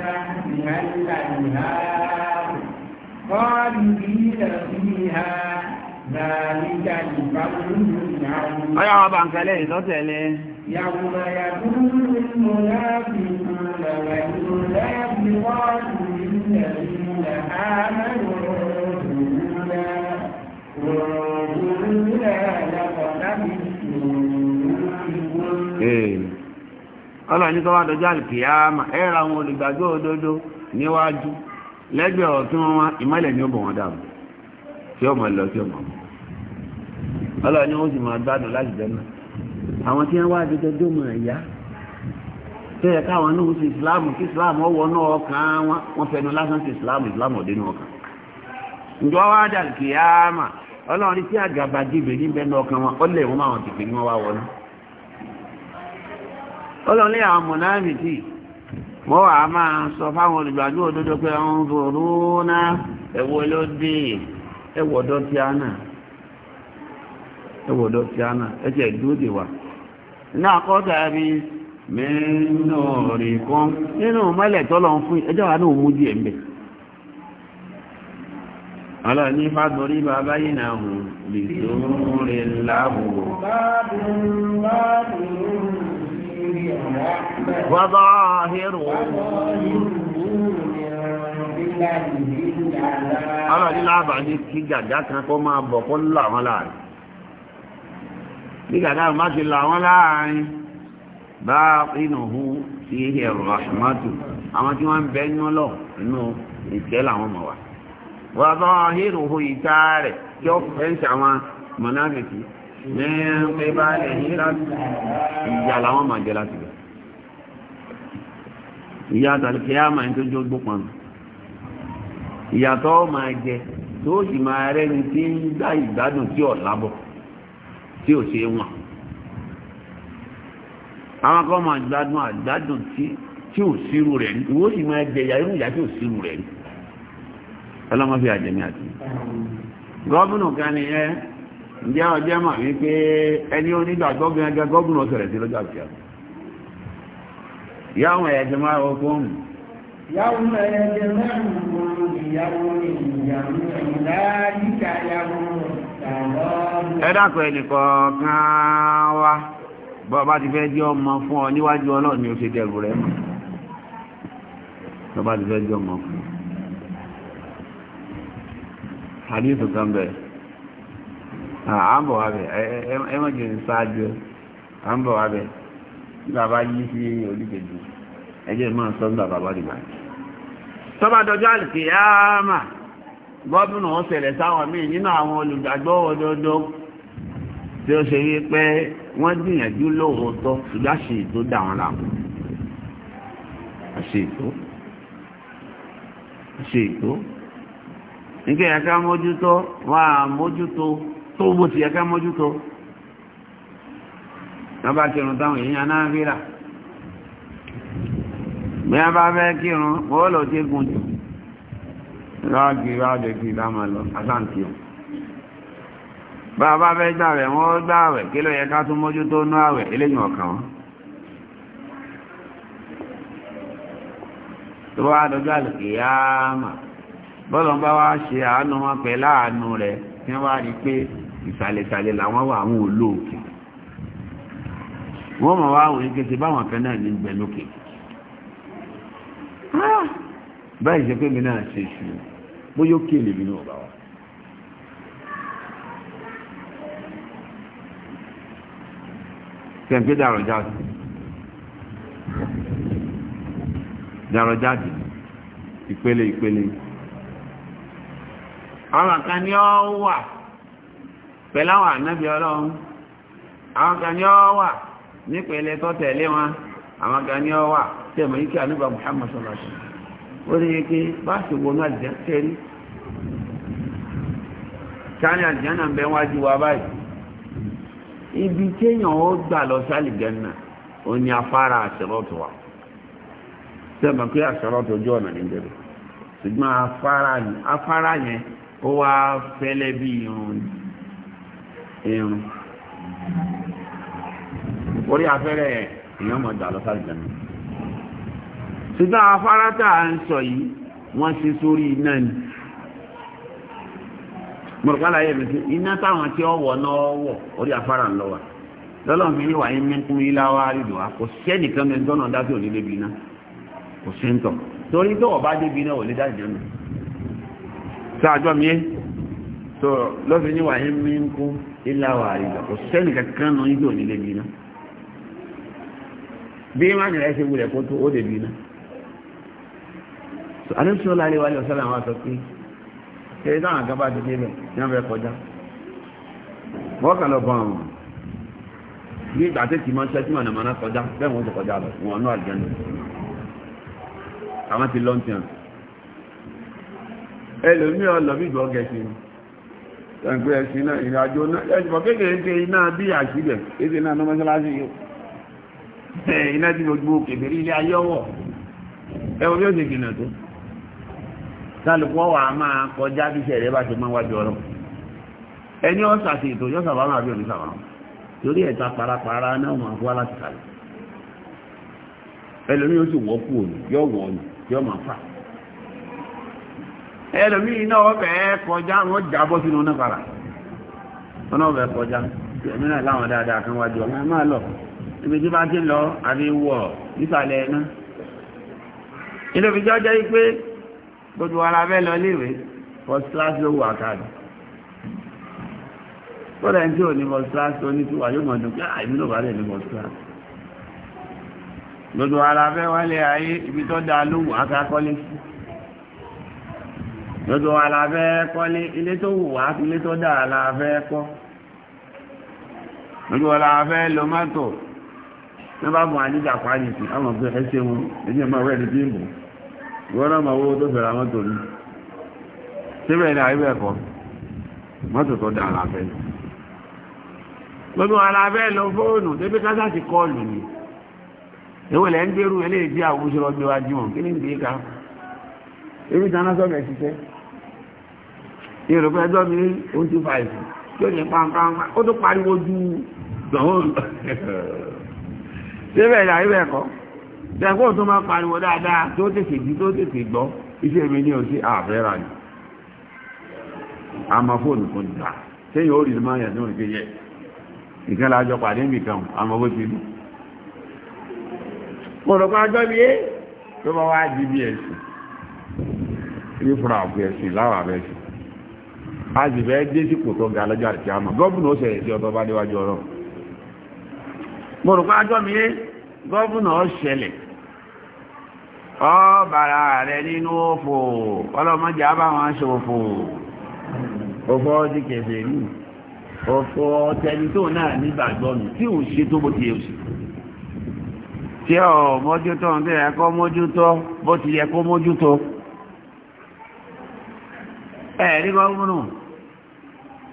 تحتها الأنهار Ọyá ọba ń kẹlẹ̀ ìtọ́tẹ̀lẹ̀. Yàwùmà yàdúrú nínú láàbì ìrìnlẹ̀ ìlú láàbì wọ́n ìrìnlẹ̀ ìrìnlẹ̀ àmẹ́rù òòrùnlẹ̀ òòrùnlẹ̀ yàtọ̀ lábì ìrìnlẹ̀. Ọlọ́ni tó wá dọjọ́ àlùkìyàmà, ẹ́ra wọn olùgbàgbọ́ òdodo níwájú. lẹ́gbẹ̀ẹ́ ọ̀tún wọn ìmọ́lẹ̀ ni ó bọ̀ wọn dàrú tí mọ̀ lọ tí ọmọ ọlọ́run ni ó sì máa gbádùn láti jẹ́nà àwọn tí wọ́n wá àdúgbò jọ́mọ̀ ẹ̀yá tó yẹ káwọn náà ń ṣe ìsìláàmù kí islam ọwọ́ náà ọkàn wọn fẹnu lásán náà ọkàn ǹjọ́ wá dà ọlọ́run tí àgàbà níbẹ̀ náà ọkàn wọn ó lè wọ́n máa wọn ti wọ́n wà máa sọ fáwọn olùgbàgbọ́ òdodo pé ọ̀hún fòrú ná ẹ̀wọ̀ ló dé ẹ̀wọ̀dọ̀ tí a náà ẹ̀wọ̀dọ̀ tí a náà dúró nínú fún ẹjọ́ náà mú díẹ̀ a وظاهره ọ̀rọ̀ ní láàbà ní kí gàgá kan kó máa bọ̀ kó láwọn láàrin bí gàgá má ti láwọn láàrin bá inúhu sí ẹ̀rọ àṣùmátù àwọn tí wọ́n ń bẹ inú lọ inú ìtẹ́ làwọn mọ̀ wá wà bọ́ hírùhù ìta rẹ̀ tí ó fẹ́ ní pé bá lè ní láti ìyá làwọn máa jẹ láti bẹ̀. ìyá àtàlẹ́ kí á máa ń tó jó gbópọn ìyàtọ̀ máa jẹ tó sì máa rẹ́ni tí ń gbá ìgbádùn tí ò lábọ̀ tí ò ṣe àwọn máa gbádùn àgbádùn tí ò sírù rẹ̀ ní jẹ ìyá irú ìyá tí ò sírù rẹ̀ ní. ọlọ́mọ fi àjẹmí àti. ǹjẹ́ ọjẹ́ mà wípé ẹni onígbàgbọ́ gẹ́gẹ́ gọ́gùn ọ̀sẹ̀rẹ̀ sí lọ́jọ́ àti àti yáwọn ẹ̀ẹ́dẹ̀ máa wọ fún mi. yáwọn ẹ̀ẹ́dẹ̀ máa ń wọ ìyàwó ìyàwó ìdáríkà yàwó ẹ dákọ̀ ẹnìkọ̀ọ̀kan wá bọ́ọ̀bá ti fẹ́ jẹ́ ọmọ fún ọ níwájú ọlọ́run ni ó ṣe dẹ̀rù rẹ̀ mọ̀ bọ́ọ̀bá ti fẹ́ jẹ́ ọmọ fún ọ. hadith kan bẹ̀rẹ̀. a ah, ń bọ̀ wá bẹ̀ ẹ jẹ́ ṣáájú à ń bẹ̀ tí bàbá sí oríkèjì ẹjẹ́ máa sọ bàbá bọ́dì báyìí. tọ́ba dọjọ́ àlùkè áàmà gọ́ọ̀bùnù wọn sáwọn míì nínú àwọn olùgbàgbọ́ òdodo tí ó ṣe pé wọ́n gbìyànjú lóòótọ́ ṣùgbọ́n tó gbogbo ti ẹ̀ká mójútó wọ́n bá kírun táwọn èèyàn náà fíra bí wọ́n bá fẹ́ kírun bọ́ọ̀lù tí gùn jù ráàgì ráàdẹ̀ kí lámà lọ àsáǹtì ọ̀ bá bá fẹ́ gbàwẹ̀ wọ́n gbàwẹ̀ kí ló yẹ ká tún mójútó nú àwẹ̀ eléyìn ọ̀kan wọn tó wá dọjọ́ àlùkè yá mà bọ́ọ̀lù bá wá ṣe àánú wọn pẹ̀lú àánú rẹ̀ tí wọ́n wá rí pé ìsàlẹ̀sàlẹ̀ làwọn wà àwọn olóòkè wọ́n mọ̀ wá òye kése báwọn kan náà ní gbẹ lókè ah! báyìí ṣe pé mi náà ṣe ṣù bóyá ó kéèlè mi náà bá wa. kẹ̀ǹpé dàrọ̀ jáde dàrọ̀ jáde ìpele ìpele àwọn kan ní ọ wà. pẹ̀láwọn ànábì ọlọ́run àwọn kan ní ọ wà nípele tó tẹ̀lé wọn àwọn kan ní ọ wà tí ẹ̀mọ̀ yìí kí ànúbà Muhammad sallallahu alaihi wasallam ó rí bá ṣe wọnú àjẹ́ tẹ́rí àjẹ́ náà bẹ́ wa báyìí ibi téèyàn ó gbà lọ sálì gẹ́nà ó ní afárá àṣẹlọ́tò wa sẹ́mọ̀ pé àṣẹlọ́tò ojú ọ̀nà ṣùgbọ́n afárá yẹn ó wá fẹ́lẹ́ irun orí afẹ́rẹ́ èèyàn mọ̀ dà lọ́sàrì jẹ́nu ṣùgbọ́n afárá tá à ń sọ yìí wọ́n ṣe sórí iná ni mọ̀rọ̀kálà yẹ mi sí iná táwọn tí ó náà wọ̀ orí afárá ń lọ wà ní wàá yín mímú ilá wa rìndò wa kò sẹ́nìkan mi dọ́nà dá sí òní débi iná kò sí ń tọ̀ torí tó ọba débi iná ò lè dá ìjẹun sáájọ́ mi yé so lọ́fi ní wàá yín mímú ilá wà àríjà kò sẹ́nì kankan nù yíò nílé bí náà bí má nìyẹn ṣe wulẹ̀ kó tó ó lè bí náà so alẹ́sùn láàrin wálé ọ̀sán làwọn sọ pé ṣeré táwọn àgábá ti débẹ̀ ní wọ́n fẹ́ kọjá wọ́n kà lọ bọ̀ àwọn bí ìgbà tètè máa ń ṣe tí màná màná kọjá bẹ́ẹ̀ wọ́n ti kọjá lọ wọn ọ̀nà àlùjànnà àwọn ti lọ́ntì ẹlòmíràn lọ bí ìgbà ọ̀gẹ̀sìn ẹgbẹ́ ẹ̀sìn náà ìrìn àjò náà ẹ̀sìnbọ̀ kéèkéèké iná bí àṣìlẹ̀ èdè náà ní mọ́ṣáláṣí yóò iná tí mo kèbèrè ilé ayé ẹwọ bí ó ṣe kìnà tó sálùkù ọwọ́ a máa kọjá bí iṣẹ́ rẹ bá ṣe máa wájú ọ̀rọ̀ ẹni ọ̀sà sí ètò yóò sàbá máa bí òní torí ẹ̀ta parapara náà máa fọ́ láti kàlẹ̀ ẹlòmíì ó sì òní máa fà ẹlòmí iná ọbẹ̀ kọjá wọn jábọ́ sínú náà fara wọn ọbẹ̀ kọjá ẹ̀mí náà láwọn dáadáa kan wájú ọmọ ẹ máa lọ ibi tí bá ti ń lọ àbí wọ̀ nísàlẹ̀ ẹ̀ná ilé òfin jọ́ jẹ́ pé gbogbo ara bẹ́ẹ̀ lọ léèwé first class ló wà káàdì kódà ẹni tí ò ní first class tó ní tí wà yóò mọ̀ dùn ah, àìmí ló bá lè ní first gbogbo ara bẹ́ẹ̀ wálé ayé ibi tó dáa ló wà sí lójú wa la fẹ́ kọ́ ilé tó wù wá ilé tó dára la fẹ́ kọ́ lójú wa la fẹ́ lo mọ́tò ní bá bọ̀ àjíjà pàájì sí ọmọ pé ẹ ṣe wọn èyí ẹ̀ máa rẹ̀ ní bímbò ìwọ́n náà máa wó tó fẹ̀rẹ̀ àwọn tòun síbẹ̀ ní àríwẹ̀ ẹ̀kọ́ mọ́tò tó dára la fẹ́ lójú wa la fẹ́ lo fóònù débi kásá ti kọ́ọ̀lù ni èwo lẹ́ ń gbèrú eléyìí bí àwọn oṣù lọ gbé wájú wọn kí ni ń ká ebi tí a náà sọ̀rọ̀ ẹ̀ ṣiṣẹ́. ìrọ̀pẹ́ ẹjọ́ ní ohun tí ó ní ó tó pariwo ju gbọ̀hún síbẹ̀ ìdá ibẹ̀ kọ́ tẹ̀kọ́ tó máa pariwo dáadáa tó tètè jí tó tètè gbọ́ iṣẹ́ mi ní ni àmọ́ fóònù kan dà sẹ́yìn orí máa yẹ̀ sínú ìgbéyẹ ìkan lájọ ajọ́ a sì fẹ́ dé sípò tó ga lọ́jọ́ àti àmọ́ gọ́ọ̀bùnà ó ṣẹ̀yẹ̀ sí ọ̀tọ̀ bá déwájú ọ̀rọ̀ mo rò pé ajọ́ mi yé gọ́ọ̀bùnà ó ṣẹlẹ̀ ọ bàrà rẹ nínú òfò ọlọ́mọdé àbáwọn ṣòfò òfò ọdí kẹfẹ́ rí òfò ọtẹni tó náà nígbàgbọ́ mi tí ò ṣe tó bó ti yẹ òṣèlú tí ọ mójútó ń tẹ́ ẹ̀kọ́ mójútó bó ti yẹ kó mójútó ẹ̀rí gọ́ọ̀mùnù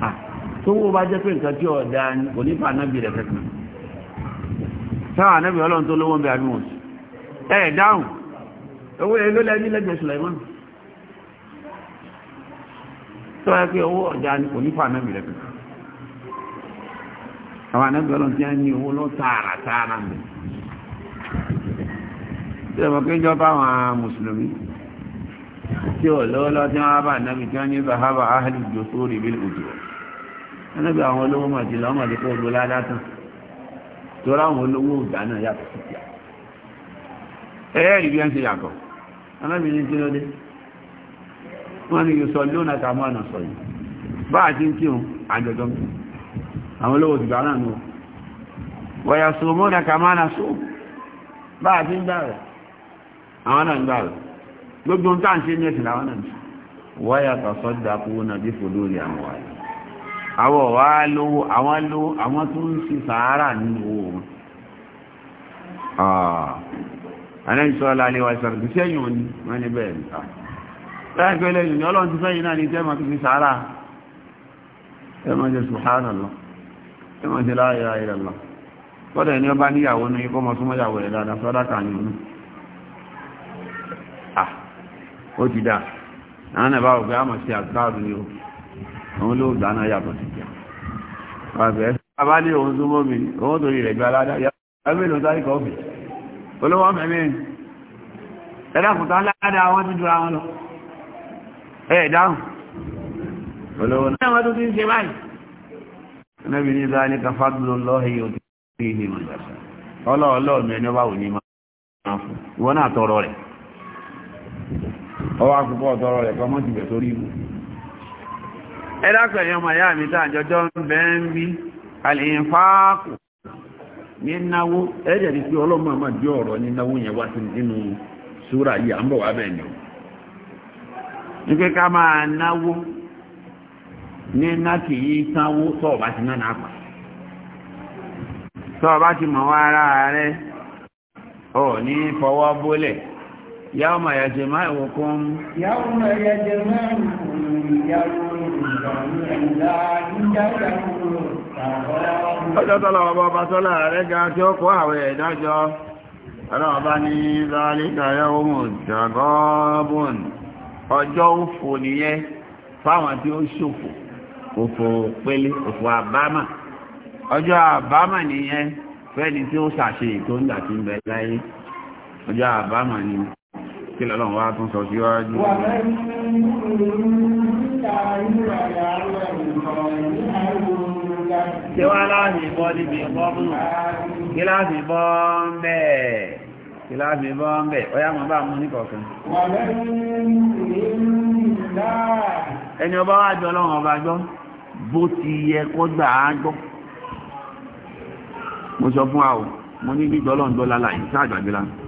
Ah, tó wó bá jẹ́ pé nǹkan tí ọ̀dá kò ní fà náàbì rẹ̀ kẹ́kàn sáwà náàbì ọlọ́run tó lówó ń bẹ àríwọ̀n ẹ̀ dáhùn owó èlò lẹ́ni lẹ́gbẹ̀ẹ́ Sulaiman tó yẹ pé owó ọ̀dá kò ní fà náàbì rẹ̀ kẹ́kàn àwọn anábì ọlọ́run tí a ní owó lọ tààrà tààrà mi tí ọmọ kéjọba àwọn mùsùlùmí tí ò tí wọ́n bá náàbì ẹnẹ́bí àwọn olówó màjìlá ọmọ àdìpọ̀ olówó ládátàn tó ráwọn olówó ìgbà náà yàtọ̀ sí ti ẹ̀yẹ́ ìbí ẹn ti yàtọ̀ ẹnẹ́bí ní kílódé wọ́n ni yóò sọ lónà kàmú àná sọ yìí bá àti ń kírun àjọjọ́ àwọn olówó ìgbà náà nù wọ̀yà sọmọ́nà kàmú àná sọ bá àti ń gbà àwọn náà ń gbà gbogbo ń tàn ṣe ní àwọn ọ̀wá lówó àwọn lówó àwọn tó ń ṣe sàárà nínú owó wọn anáìsọ́lá ah. alẹ́ wa ìsọ̀rọ̀ tí sẹ́yìn òní wọ́n ní bẹ́ẹ̀ nìta ah. láàrín pẹ́lẹ̀ ìrìn ọlọ́run ti fẹ́yìn náà ní tẹ́mà ah. ti fi sàárà tẹ́mà ti dà àwọn ẹ̀bá ògbé àmọ̀ sí àgbáàdù ni ó òun ló gbà náà yàtọ̀ sí jẹ́ pàṣẹ bàbá ní òun tó mọ́ mi òun torí rẹ̀ gba aládá ẹgbẹ́ ló sáré kọ́ fì olówó mẹ́mẹ́ ẹ̀dàkùtà aládá wọn ti dúra wọn lọ ẹ̀ dáhùn olówó náà wọn tó ti ń ṣe báyìí ẹnẹ́bí ní sáà ní kafáàdúró lọ́hìn yóò ti fi ìhè mọ̀ máa fún ìwọ náà tọrọ rẹ̀ ọwọ́ akùkọ tọrọ rẹ̀ kọ́ ti bẹ̀ sórí ibù ẹ̀dàpẹ̀lẹ̀ ọmọ ìyá mi tàà jọjọ́ ń bẹ́ ń bí alìyànfàákù ní náwó ẹ̀jẹ̀ ní pé ọlọ́mọ àmà ọ̀rọ̀ ní náwó yẹn wá sí nínú súra yìí à ń bọ̀ wá ni máa náwó ní Ya يوم ya يوم يجمعكم يوم ọjọ́ tọ́lọ ọba ọba tọ́lá rẹ̀ ga tí ó kó àwẹ̀ ìdájọ́ ọlọ́ọ̀bá ní zalika yawmun jagabun ọjọ́ òfò nìyẹn fáwọn tí ó ṣòfò òfò pélé òfò àbámà ọjọ́ àbámà nìyẹn fẹ́ni tí ó ṣàṣe ètò ńgbà tí láyé ọjọ́ àbámà kí lọ́lọ́run wá tún sọ síwájú tí wá láti bọ́ níbi bọ́ọ̀bùn kí láti bọ́ ń bẹ́ẹ̀ kí láti bọ́ ń bẹ́ẹ̀ ọyá mọ̀ bá mú ní kọ̀ọ̀kan ẹni ọba wá jọ lọ́wọ́n ọba gbọ́ bó ti yẹ kó gbà á gbọ́ mo sọ fún wa o mo ní gbígbọ́ lọ́ndọ́ lálàyé sáà gbàgbé lánàá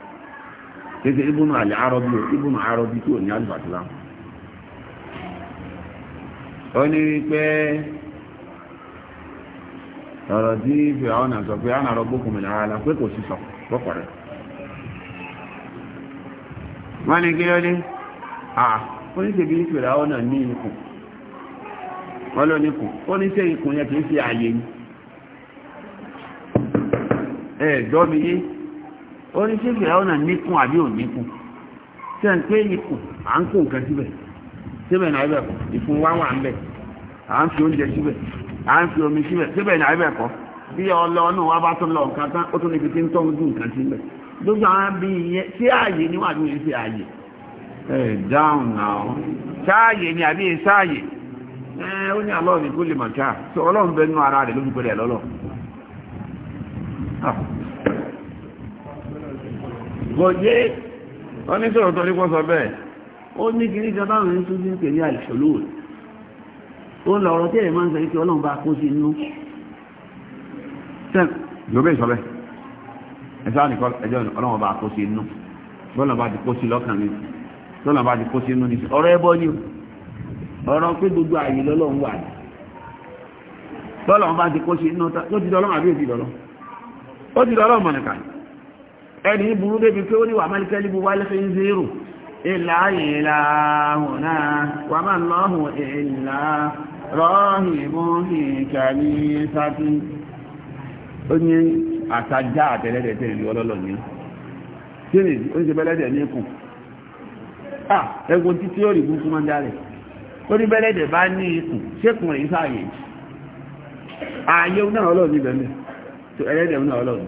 kéde ibùnú àlẹ́ arọ́bí o ibùnú arọ́bí tí ní alùbàtìlá ó ní wípé ọ̀rọ̀ tí fìhàn sọ pé á nà rọ́gbó kùnmí lára pé kò sí sọ lọ́pọ̀ rẹ̀ wọ́n ní kí ló dé à ó ní tèmi fìhàn náà ní ikùn wọ́n ló ní ó ní ikùn yẹn kì í fi àyè yìí. orí sí fìràwọ́ náà níkún àbí ò níkún tí a ń pé ikùn à ń kó nǹkan síbẹ̀ síbẹ̀ náà ibẹ̀ kọ́ ìfun wá wà ń bẹ̀ à ń fi oúnjẹ síbẹ̀ à ń fi omi síbẹ̀ síbẹ̀ náà ibẹ̀ kọ́ bí ọlọ́ọ̀nù wa bá to lọ nǹkan tán ó tún níbi tí ń tọ́ ń dún nǹkan síbẹ̀ gbogbo àwọn bí iye ààyè ni wàá dúró sí ààyè ẹ dáhùn náà ni àbí sáàyè ẹ ó ní kó lè mọ̀ ká ọlọ́run bẹ́ẹ̀ nú ara rẹ̀ gbọ́yé oníṣòro tó rí pọ́sọ bẹ́ẹ̀ ó ní kí níjọ táwọn ẹni tó ti ń pè ní àìṣòlò ó lọ ọ̀rọ̀ tí ẹ̀ máa ń sọ pé ọlọ́run bá kó sí inú tẹ́ ló bẹ́ẹ̀ sọ bẹ́ẹ̀ ẹ̀sán nìkan ẹjọ́ ọlọ́run bá kó sí inú bọ́ọ̀lù bá ti kó sí lọ́kàn mi lọ́nà bá ti kó sínú ní ọ̀rọ̀ ti kó ó ti dọ́lọ́run mọ̀nìkà ẹni burú débi pé ó ní wà mẹ́lìkẹ́ líbu wá lẹ́fẹ́ ń zérò ìlà ìlàhùnà wà máa lọ́hùn ìlà rọ́hìmú ìkàrí sáfí ó ní àtajá àtẹ́lẹ́dẹ̀ẹ́tẹ́ ìlú ọlọ́lọ́ ní kí ni ó ń ṣe bá ní ikú ṣékùn rẹ̀ sáàyè ààyè náà ọlọ́ọ̀ni bẹ̀rẹ̀ ẹlẹ́dẹ̀ náà ọlọ́ọ̀ni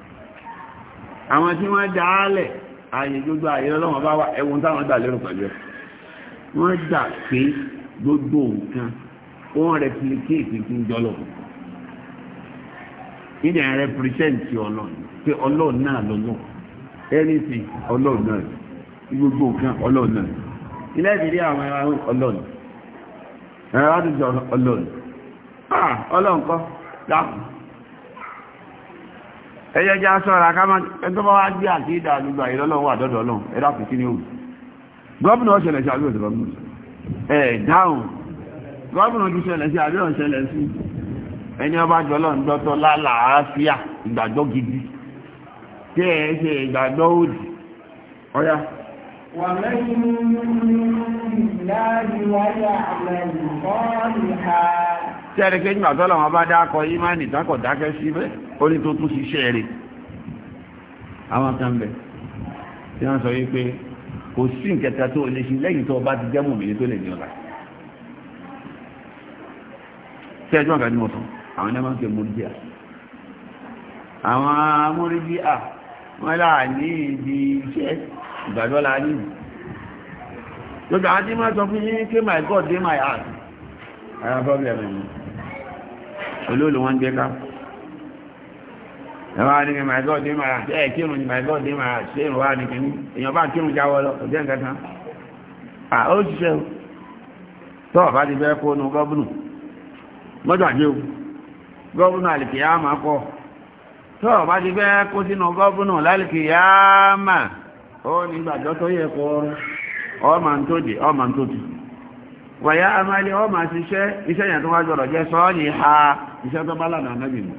àwọn tí wọ́n dá álẹ̀ ààyè gbogbo ààyè ọlọ́wọ́n bá wà ẹ̀wọ̀n táwọn dà lérò pẹ̀lú ẹ̀ wọ́n dà pé gbogbo nǹkan wọ́n rẹpilikéètì tí ń jọlọ̀ nígbà yẹn rẹpirìsẹ́ǹtì ọlọ́run pé ọlọ́run náà lọ́lọ́ ẹnìtì ọlọ́run náà gbogbo nǹkan ọlọ́run náà ilé ìdílé àwọn ẹran ọlọ́run ẹran àdúgbò ọlọ́run ah, ọlọ́run kọ́ dákùn ẹyẹ jẹ́ aṣọ́ra kámá ẹjọ́ bá wá gbé àti ìdá gbogbo àyè lọ́lọ́run ọlọ́run ẹ̀dá kò ní òun gọ́ọ̀bùnà ọ̀ṣẹ̀lẹ̀ sí àbí òṣèlú ọ̀gbìn ẹ̀ dáhùn gọ́ọ̀bùnà ti tí ẹ̀rí pé nígbà tọ́lọ̀ wọn bá dákọ ìmáànì dákọ̀ dákẹ́ síbẹ̀ ó ní tó tún ṣiṣẹ́ rẹ̀ àwọn kan bẹ̀ tí wọ́n sọ wípé kò sí nkẹta tó lè ṣe lẹ́yìn tó bá ti jẹ́ mòmìnir tó lè ní ọ̀la tí ẹjọ́ ọ̀gá ni mo sọ àwọn ẹ̀dá máa ń pè mọ́rídíà àwọn mọ́rídíà wọ́n là ní ibi iṣẹ́ ìgbàdọ́ la ní gbogbo àwọn tí wọ́n sọ fún yín pé my God dey my heart I have problem with you. olóòlù wọn ká ẹ̀wọ́n ní my god máa ṣe ní my god máa ṣe ìrùwá ní kí èèyàn bá kírun jáwọ́ lọ kò jẹ́ ó ṣiṣẹ́ o tọ́ ti fẹ́ kó nu gọ́bùnù mọ́tò àjẹ́ o gọ́bùnù àlìkè á máa kọ́ tọ́ ọ̀bá ti fẹ́ kó sínú gọ́bùnù lálìkè á máa ó nígbàjọ́ tó yẹ kó ọmọ tó dé ọmọ tó dé ọmọ àṣiṣẹ́ iṣẹ́ yẹn tó wá iṣẹ́ tó bá lànà náà bìnú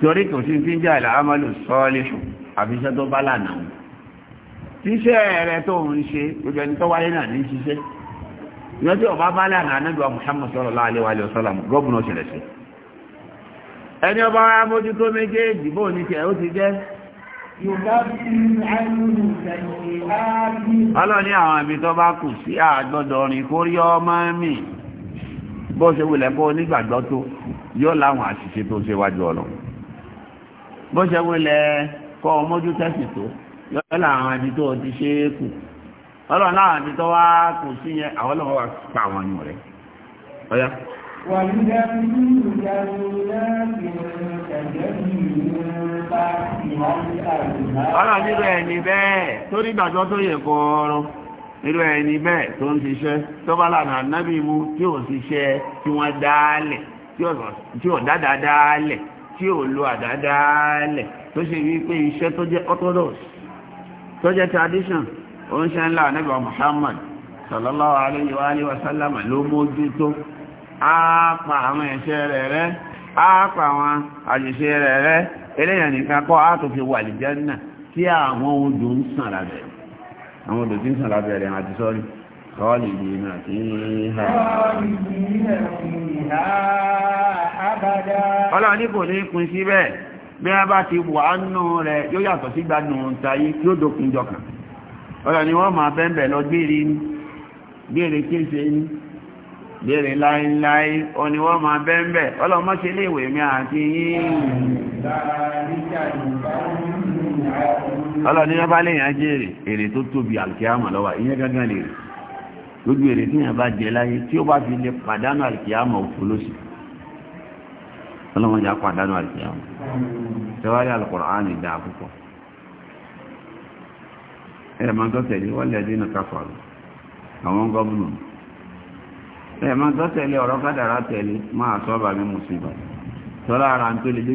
torí kò sí ń jẹ́ ìlà amálù sọ́ọ́lẹ́ṣù àfi iṣẹ́ tó bá lànà wọn tí iṣẹ́ rẹ tó ń ṣe gbogbo ẹni tó wáyé náà ní ṣiṣẹ́ ìwé tí ọba bá lànà anábì wa ọlọ́ni àwọn tó bá kù sí kórí bó ṣe wulẹ̀ tó yóò láwọn àṣìṣe tó ṣe wájú ọ̀nà bó ṣe wulẹ̀ kọ́ ọmọdún tó yóò láwọn àti tó ti ṣe é kù ọlọ́run láwọn àti tó wá kù sí yẹn àwọn ọlọ́run wà pa àwọn ọyàn rẹ̀ ọlọ́run níbẹ̀ ni torí tó yẹ irú ẹni bẹ́ẹ̀ tó ń ṣiṣẹ́ tó bá lànà ànábì mu tí ò ṣiṣẹ́ tí wọ́n dálẹ̀ tí ò dáadáa dálẹ̀ tí ò lo àdá dálẹ̀ tó ṣe wípé iṣẹ́ tó jẹ́ orthodox tó jẹ́ tradition ó ń ṣe ńlá ànábì wa Muhammad sallallahu alayhi wa alihi wa sallam ló mójútó á pa àwọn ẹ̀ṣẹ̀ rẹ̀ rẹ́ á pa àwọn àṣìṣe rẹ̀ rẹ́ eléyàn nìkan kọ́ á tó fi wà lìjẹ́ náà tí àwọn odò ń sàn àwọn olùdí ń sàn lábẹ́ rẹ̀ àti sọ́rí kọ́ọ̀lì yìí náà fi hà ọlọ́run ní kò ní kún síbẹ̀ bí a bá ti wà nù rẹ̀ yóò yàtọ̀ sí gbanù tí ó jọkàn ni wọ́n máa bẹ́ẹ̀ lọ ọlọ́ni yẹn bá léyìn ajéèrè èrè tó tóbi alkiyama lọ́wọ́ ìyẹn gángan lè rè lójú èrè tí yẹn bá jẹ láyé tí ó bá fi lè pàdánù alkiyama òfolóṣì ọlọ́mọdé á pàdánù alkiyama tẹwárí alukọ̀rán ìdá púpọ̀ ẹ̀ máa tọ́tẹ̀lé wọ́n lè dínà káfàrù àwọn gọ́ọ̀mù ẹ̀ máa tọ́tẹ̀lé ọ̀rọ̀ kádàrá tẹ̀lé máa sọ́ bàbí mùsùlùmí tọ́lá ara ń tó lè dé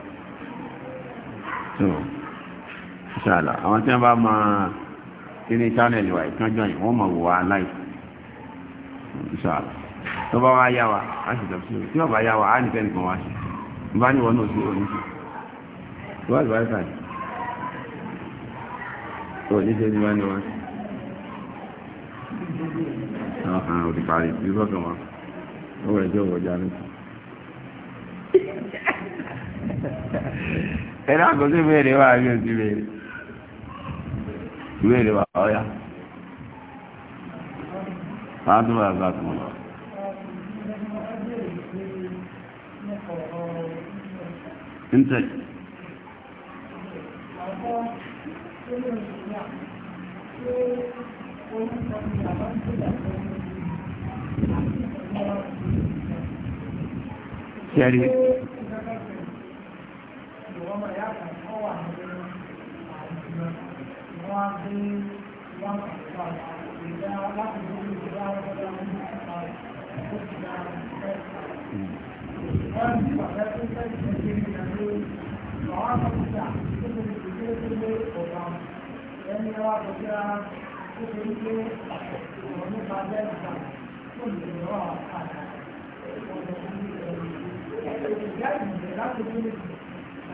so ṣàlà àwọn tí wọ́n bá máa kíní channel wa ìkánjọ́ yìí wọ́n mọ̀ wò wá live ṣàlà tó bá wá yá wa á sì tọ̀sí tí wọ́n bá yá wa á ní kẹ́ni kan wá sí n bá ní wọn náà sí òní sí tó wá sí wáyé òní sí ẹni bá ní sí. ọ̀hún òdì bí sọ́kàn wọn ó rẹ̀ jẹ́ òwò jáde ẹ̀rọ àgọ́sí ìbéèrè wà ní òsì ìbéèrè ìbéèrè wà ọ̀yà máa tún bàbá tó lọ. Ntẹ̀ wọ́n máa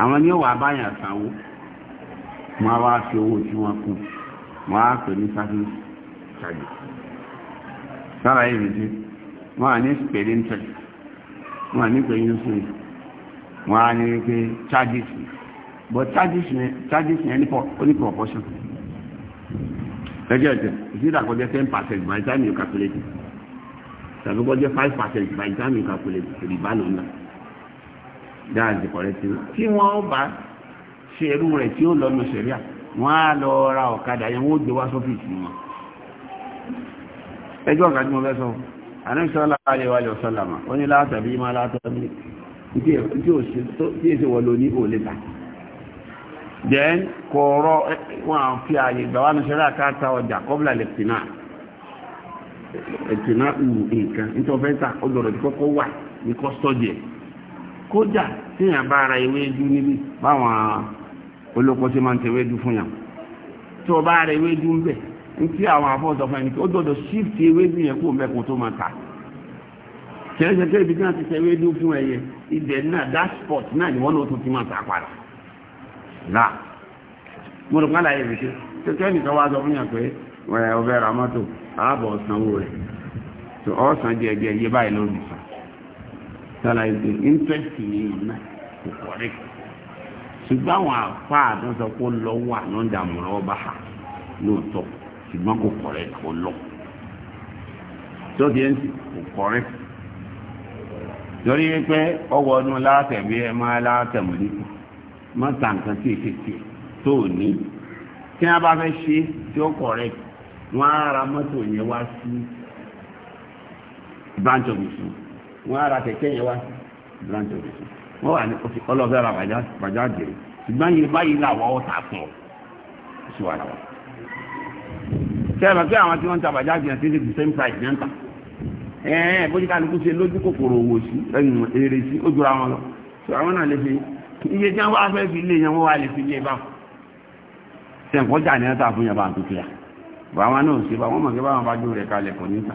àwọn ní ọwà báyà sanwó wọn á wá fi owó tí wọn kù wọn á pè ní sáfíìsì ṣàgbé sára yìí ti wọn à ní pèlè interest wọn à ní pèlè interest wọn á ní pé charges but charges yẹn charges yẹn ní proportion ẹjẹ ẹjẹ ìsìdá kò jẹ́ ten percent by the time you calculate tàbí kò jẹ́ five percent by the time you calculate rìbá nù náà that's the correct thing tí wọ́n bá ṣe ẹrú rẹ̀ tí ó lọ́nu sẹ̀ríà wọ́n á lọ ra ọ̀kadà yẹn wọ́n ó gbé wá sọ́fíìsì wọn ẹjọ́ ọ̀gá tí mo fẹ́ sọ àníṣọ́lá àríwájọ sọ́làmà ó ní látàbí má látàbí tí èsì wọ lóní òlẹ́ta then kò rọ wọn à ń fi ààyè ìgbà wánu ṣẹlẹ̀ àkáta ọjà kọ́bùlà lẹ́tìnà ẹ̀tìnà nǹkan nítorí fẹ́ ta ó lọ́rọ̀ tí kọ́kọ́ wà ní kọ́sítọ́dì ẹ̀ kódà tí yàn bá ara ewédú níbi báwọn olóko tí máa ń tewédú fún yàn bara bá ara mbe ń bẹ̀ ń tí àwọn afọ́sọ fún ẹni dọ̀dọ̀ shift ewédú yẹn kó mẹ́kùn tó ma ta kẹ́sẹ̀ kẹ́ ibi tí wọ́n ti tẹ ewédú fún ẹyẹ ibẹ̀ náà that spot náà ni wọ́n náà tó ti ta padà là mo rò yẹn tọ́lá ìgbé interest yìnyín náà kò correct ṣùgbọ́n àwọn àfa àdánsọ kó lọ wà lọ́dà mọ̀rọ́ bá a lóòótọ́ ṣùgbọ́n kò correct kò lọ tọ́jú ẹ̀ńsì kò correct lórí pé ọwọ́ ọdún látẹ̀mí ẹ máa látẹ̀mú nípò má ta nǹkan tí èké tiẹ̀ tó o ní tí wọ́n bá fẹ́ ṣe tí ó correct wọ́n á ra mọ́tò yẹn wá sí branch of ìṣòro wọ́n ara kẹ̀kẹ́ yẹn wá blanche ọ̀dẹ̀sùn wọ́n wà ní ọ̀fi ọlọ́fẹ́ ara bàjáde rẹ̀ ṣùgbọ́n yìí báyìí làwọ̀ ọ̀ ta fún ọ sí wa làwọ̀. sẹ́yìn pé àwọn tí wọ́n ń ta bàjáde yẹn ti di same price ní ọ̀tà ẹ̀ẹ́n bójú kálukú ṣe lójú kòkòrò òwò sí èrè sí ó jura wọn lọ sọ àwọn náà lè fi iye tí wọ́n wá fẹ́ fi lé yẹn wọ́n wá lè fi lé e báwọn sẹ́yìn kọjá ní ọ̀tà fún yẹn bá ń tutù yà bàwọn náà ṣe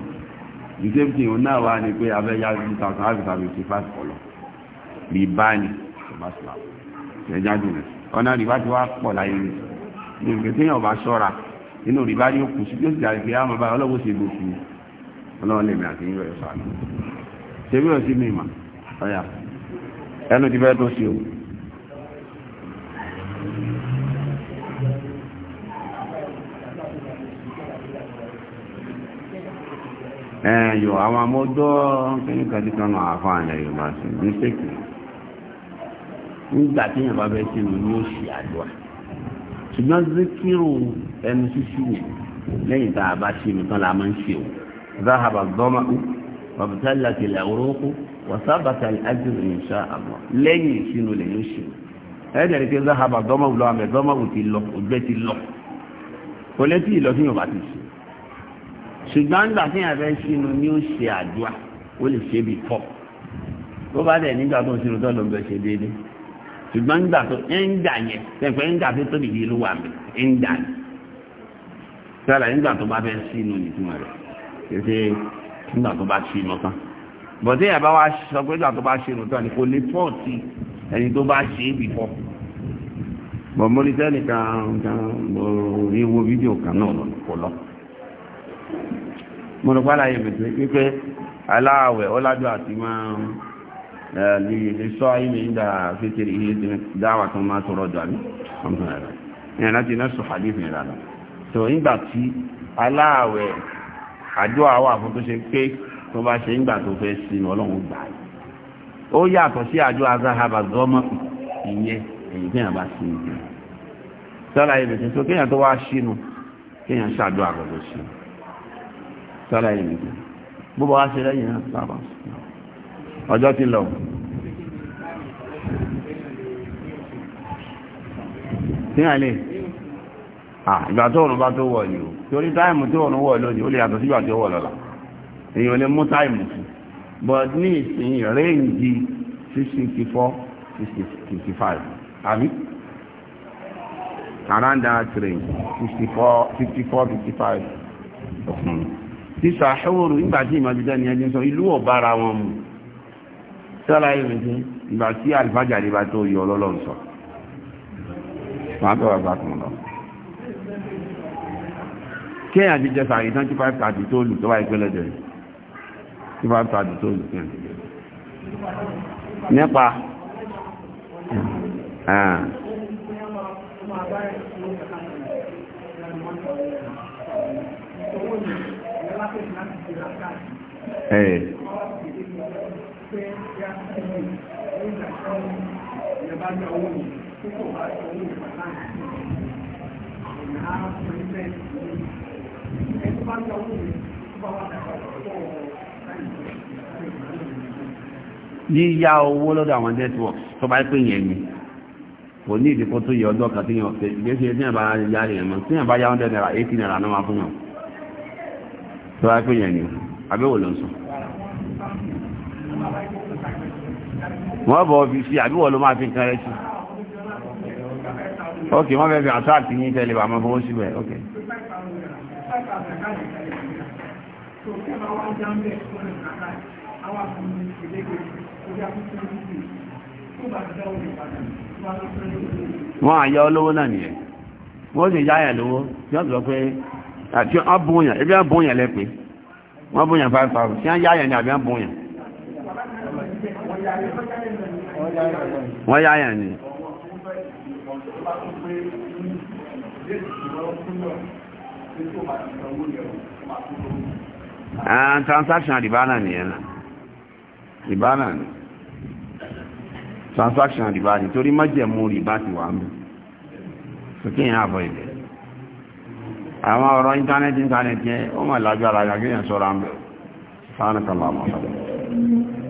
the same thing òun náà wá ní pé abẹ́yá two thousand five thousand fifty five kọlọ rìbá ni ìbáṣọlá ẹja jùlọ ọ̀nà rìbá ti wá pọ̀ láyé ní ìgbésẹ̀ téèyàn ọba ṣọ́ra nínú rìbá yóò kù sí yóò sì dàbí pé àwọn ọba ọlọ́wọ́ ṣe gbòòfù ọlọ́wọ́ lèmi àti yíyọ ẹ̀ṣọ́ àná ṣe bí ọ̀sìn mi mà ọ̀yà ẹnu ti fẹ́ tó ṣe o. ẹ̀yọ̀ àwọn amọ́jọ́ kẹ́kẹ́kẹ́kẹ́kẹ́nà àfáànà yorùbá sí mistake nígbà tí yẹn bá bẹ́ sí ìlú yóò ṣe àdúrà ṣùgbọ́n zikiru ẹnu ṣíṣí ni lẹ́yìn tá a bá ṣe nìkan la máa ń ṣe o zahaba dọ́mọ́kú wàbùtálà tìlẹ̀ orókú wàsábàtà àjùrò ìṣá àbọ̀ lẹ́yìn ìṣínú lè yóò ṣe o ẹ̀ dẹ̀rẹ̀ pé zahaba dọ́mọ́kú lọ́wọ́ àmẹ́ dọ́mọ́kú ti lọ ògbẹ́ ti lọ kò lẹ́tí ìlọsíyàn bá ti ṣe ṣùgbọ́n nígbà tí yàrá fẹ́ sínú ni ó ṣe àdúrà ó lè ṣe bí pọ̀ bó bá dẹ̀ nígbà tó ń sínú tó ló ṣe déédé ṣùgbọ́n nígbà tó ẹ̀ńdà yẹn pẹ̀pẹ́ ẹ̀ńdà tó tóbi yìí ló wà mí ẹ̀ńdà ni sára nígbà tó bá fẹ́ sínú nìtumọ̀ rẹ̀ kété nígbà tó bá sínú tán bọ̀dé yàrá wa sọ pé nígbà tó bá sínú tán ni kò lè pọ̀ sí ẹni tó bá ṣe é bí pọ̀ bọ̀ mọ́lítẹ́nì kan kan mo rí wo fídíò kan náà lọ́nà kọ́ lọ́nà mo lọ pàlàyé bèbè wípé aláàwẹ̀ ọlájú àti máa ní ilé sọ ayé ìdá fẹ́tẹ̀rẹ̀ ihe dáwà tó máa tọrọ jù àbí ìyẹn láti iná sọ hadith yẹn dáadáa tó nígbà tí aláàwẹ̀ àjọ àwọ̀ àfọ́n tó ṣe pé tó bá ṣe nígbà tó fẹ́ ni ọlọ́run gbà á ó yàtọ̀ sí àjọ azahaba gọ́mọ̀ ìyẹn èyí kéèyàn bá sára ìlú bó bá wá ṣe lẹ́yìn náà sábà ọjọ́ ti lọ ní àlè ìgbà tó òrùn bá tó wọ̀ ní o torí táìmù tí òrùn wọ̀ lónìí ó lè yàtọ̀ sígbà tí ó wọ̀ lọ́la èèyàn lè mú táìmù sí but ní ìsìn rẹ́ǹdì 664 665 àbí around that range 64 54 55 ọkùnrin sísà ṣọ́wọ́rò nígbàtí ìmọ̀júdá ni ẹni sọ ìlú ọ̀bára wọn mú sọ́lá ìrìnjẹ́ ìgbà tí àlùfájà ní bá tó yọ ọlọ́lọ́run sọ máa tọ́wọ́ bá kùn lọ kéèyàn ti jẹ sàrí tán tí five thirty tó lù tó wáyé pẹ́lẹ́ jẹ nípa ẹ̀ yíyá owó lọ́dọ̀ àwọn network tó bá pè yẹn ni kò ní ìdíkó tó yẹ ọjọ́ kan tí yẹn ọ̀fẹ́ gbèsè tí yẹn bá yá rẹ̀ mọ́ tí yẹn bá yá 100 naira 80 naira náà fún yàn tó bá pè yẹn ni abẹ́wò ló wọ́n bọ̀ fi sí àbí ló máa fi kan sí ok wọ́n fẹ́ fi àtàkì ní tẹ́lẹ̀ bàmọ́ fowó síbẹ̀ ok wọ́n àyà olówó náà nìyẹn wọ́n sì yáyà lówó tí wọ́n sọ àti wọ́n ẹgbẹ́ bóyàn lẹ́pẹ́ wọ́n bóyàn 5000 tí wọ́n yáyà ní àbí wọ́n wọ́n yá yàn ni àwọn transaction ìbánà nìyẹn náà ìbánà ni transaction ìbá ni torí májẹ̀mú ìbá ti wà mú sókè yẹn àbọ̀ ìbẹ̀ àwọn ọ̀rọ̀ íńtánẹ́tì íńtánẹ́tì yẹn ó mọ̀ lájú ara yàgbéyàn sọ́ra mú sánàkàlà àmọ́ sọ́ra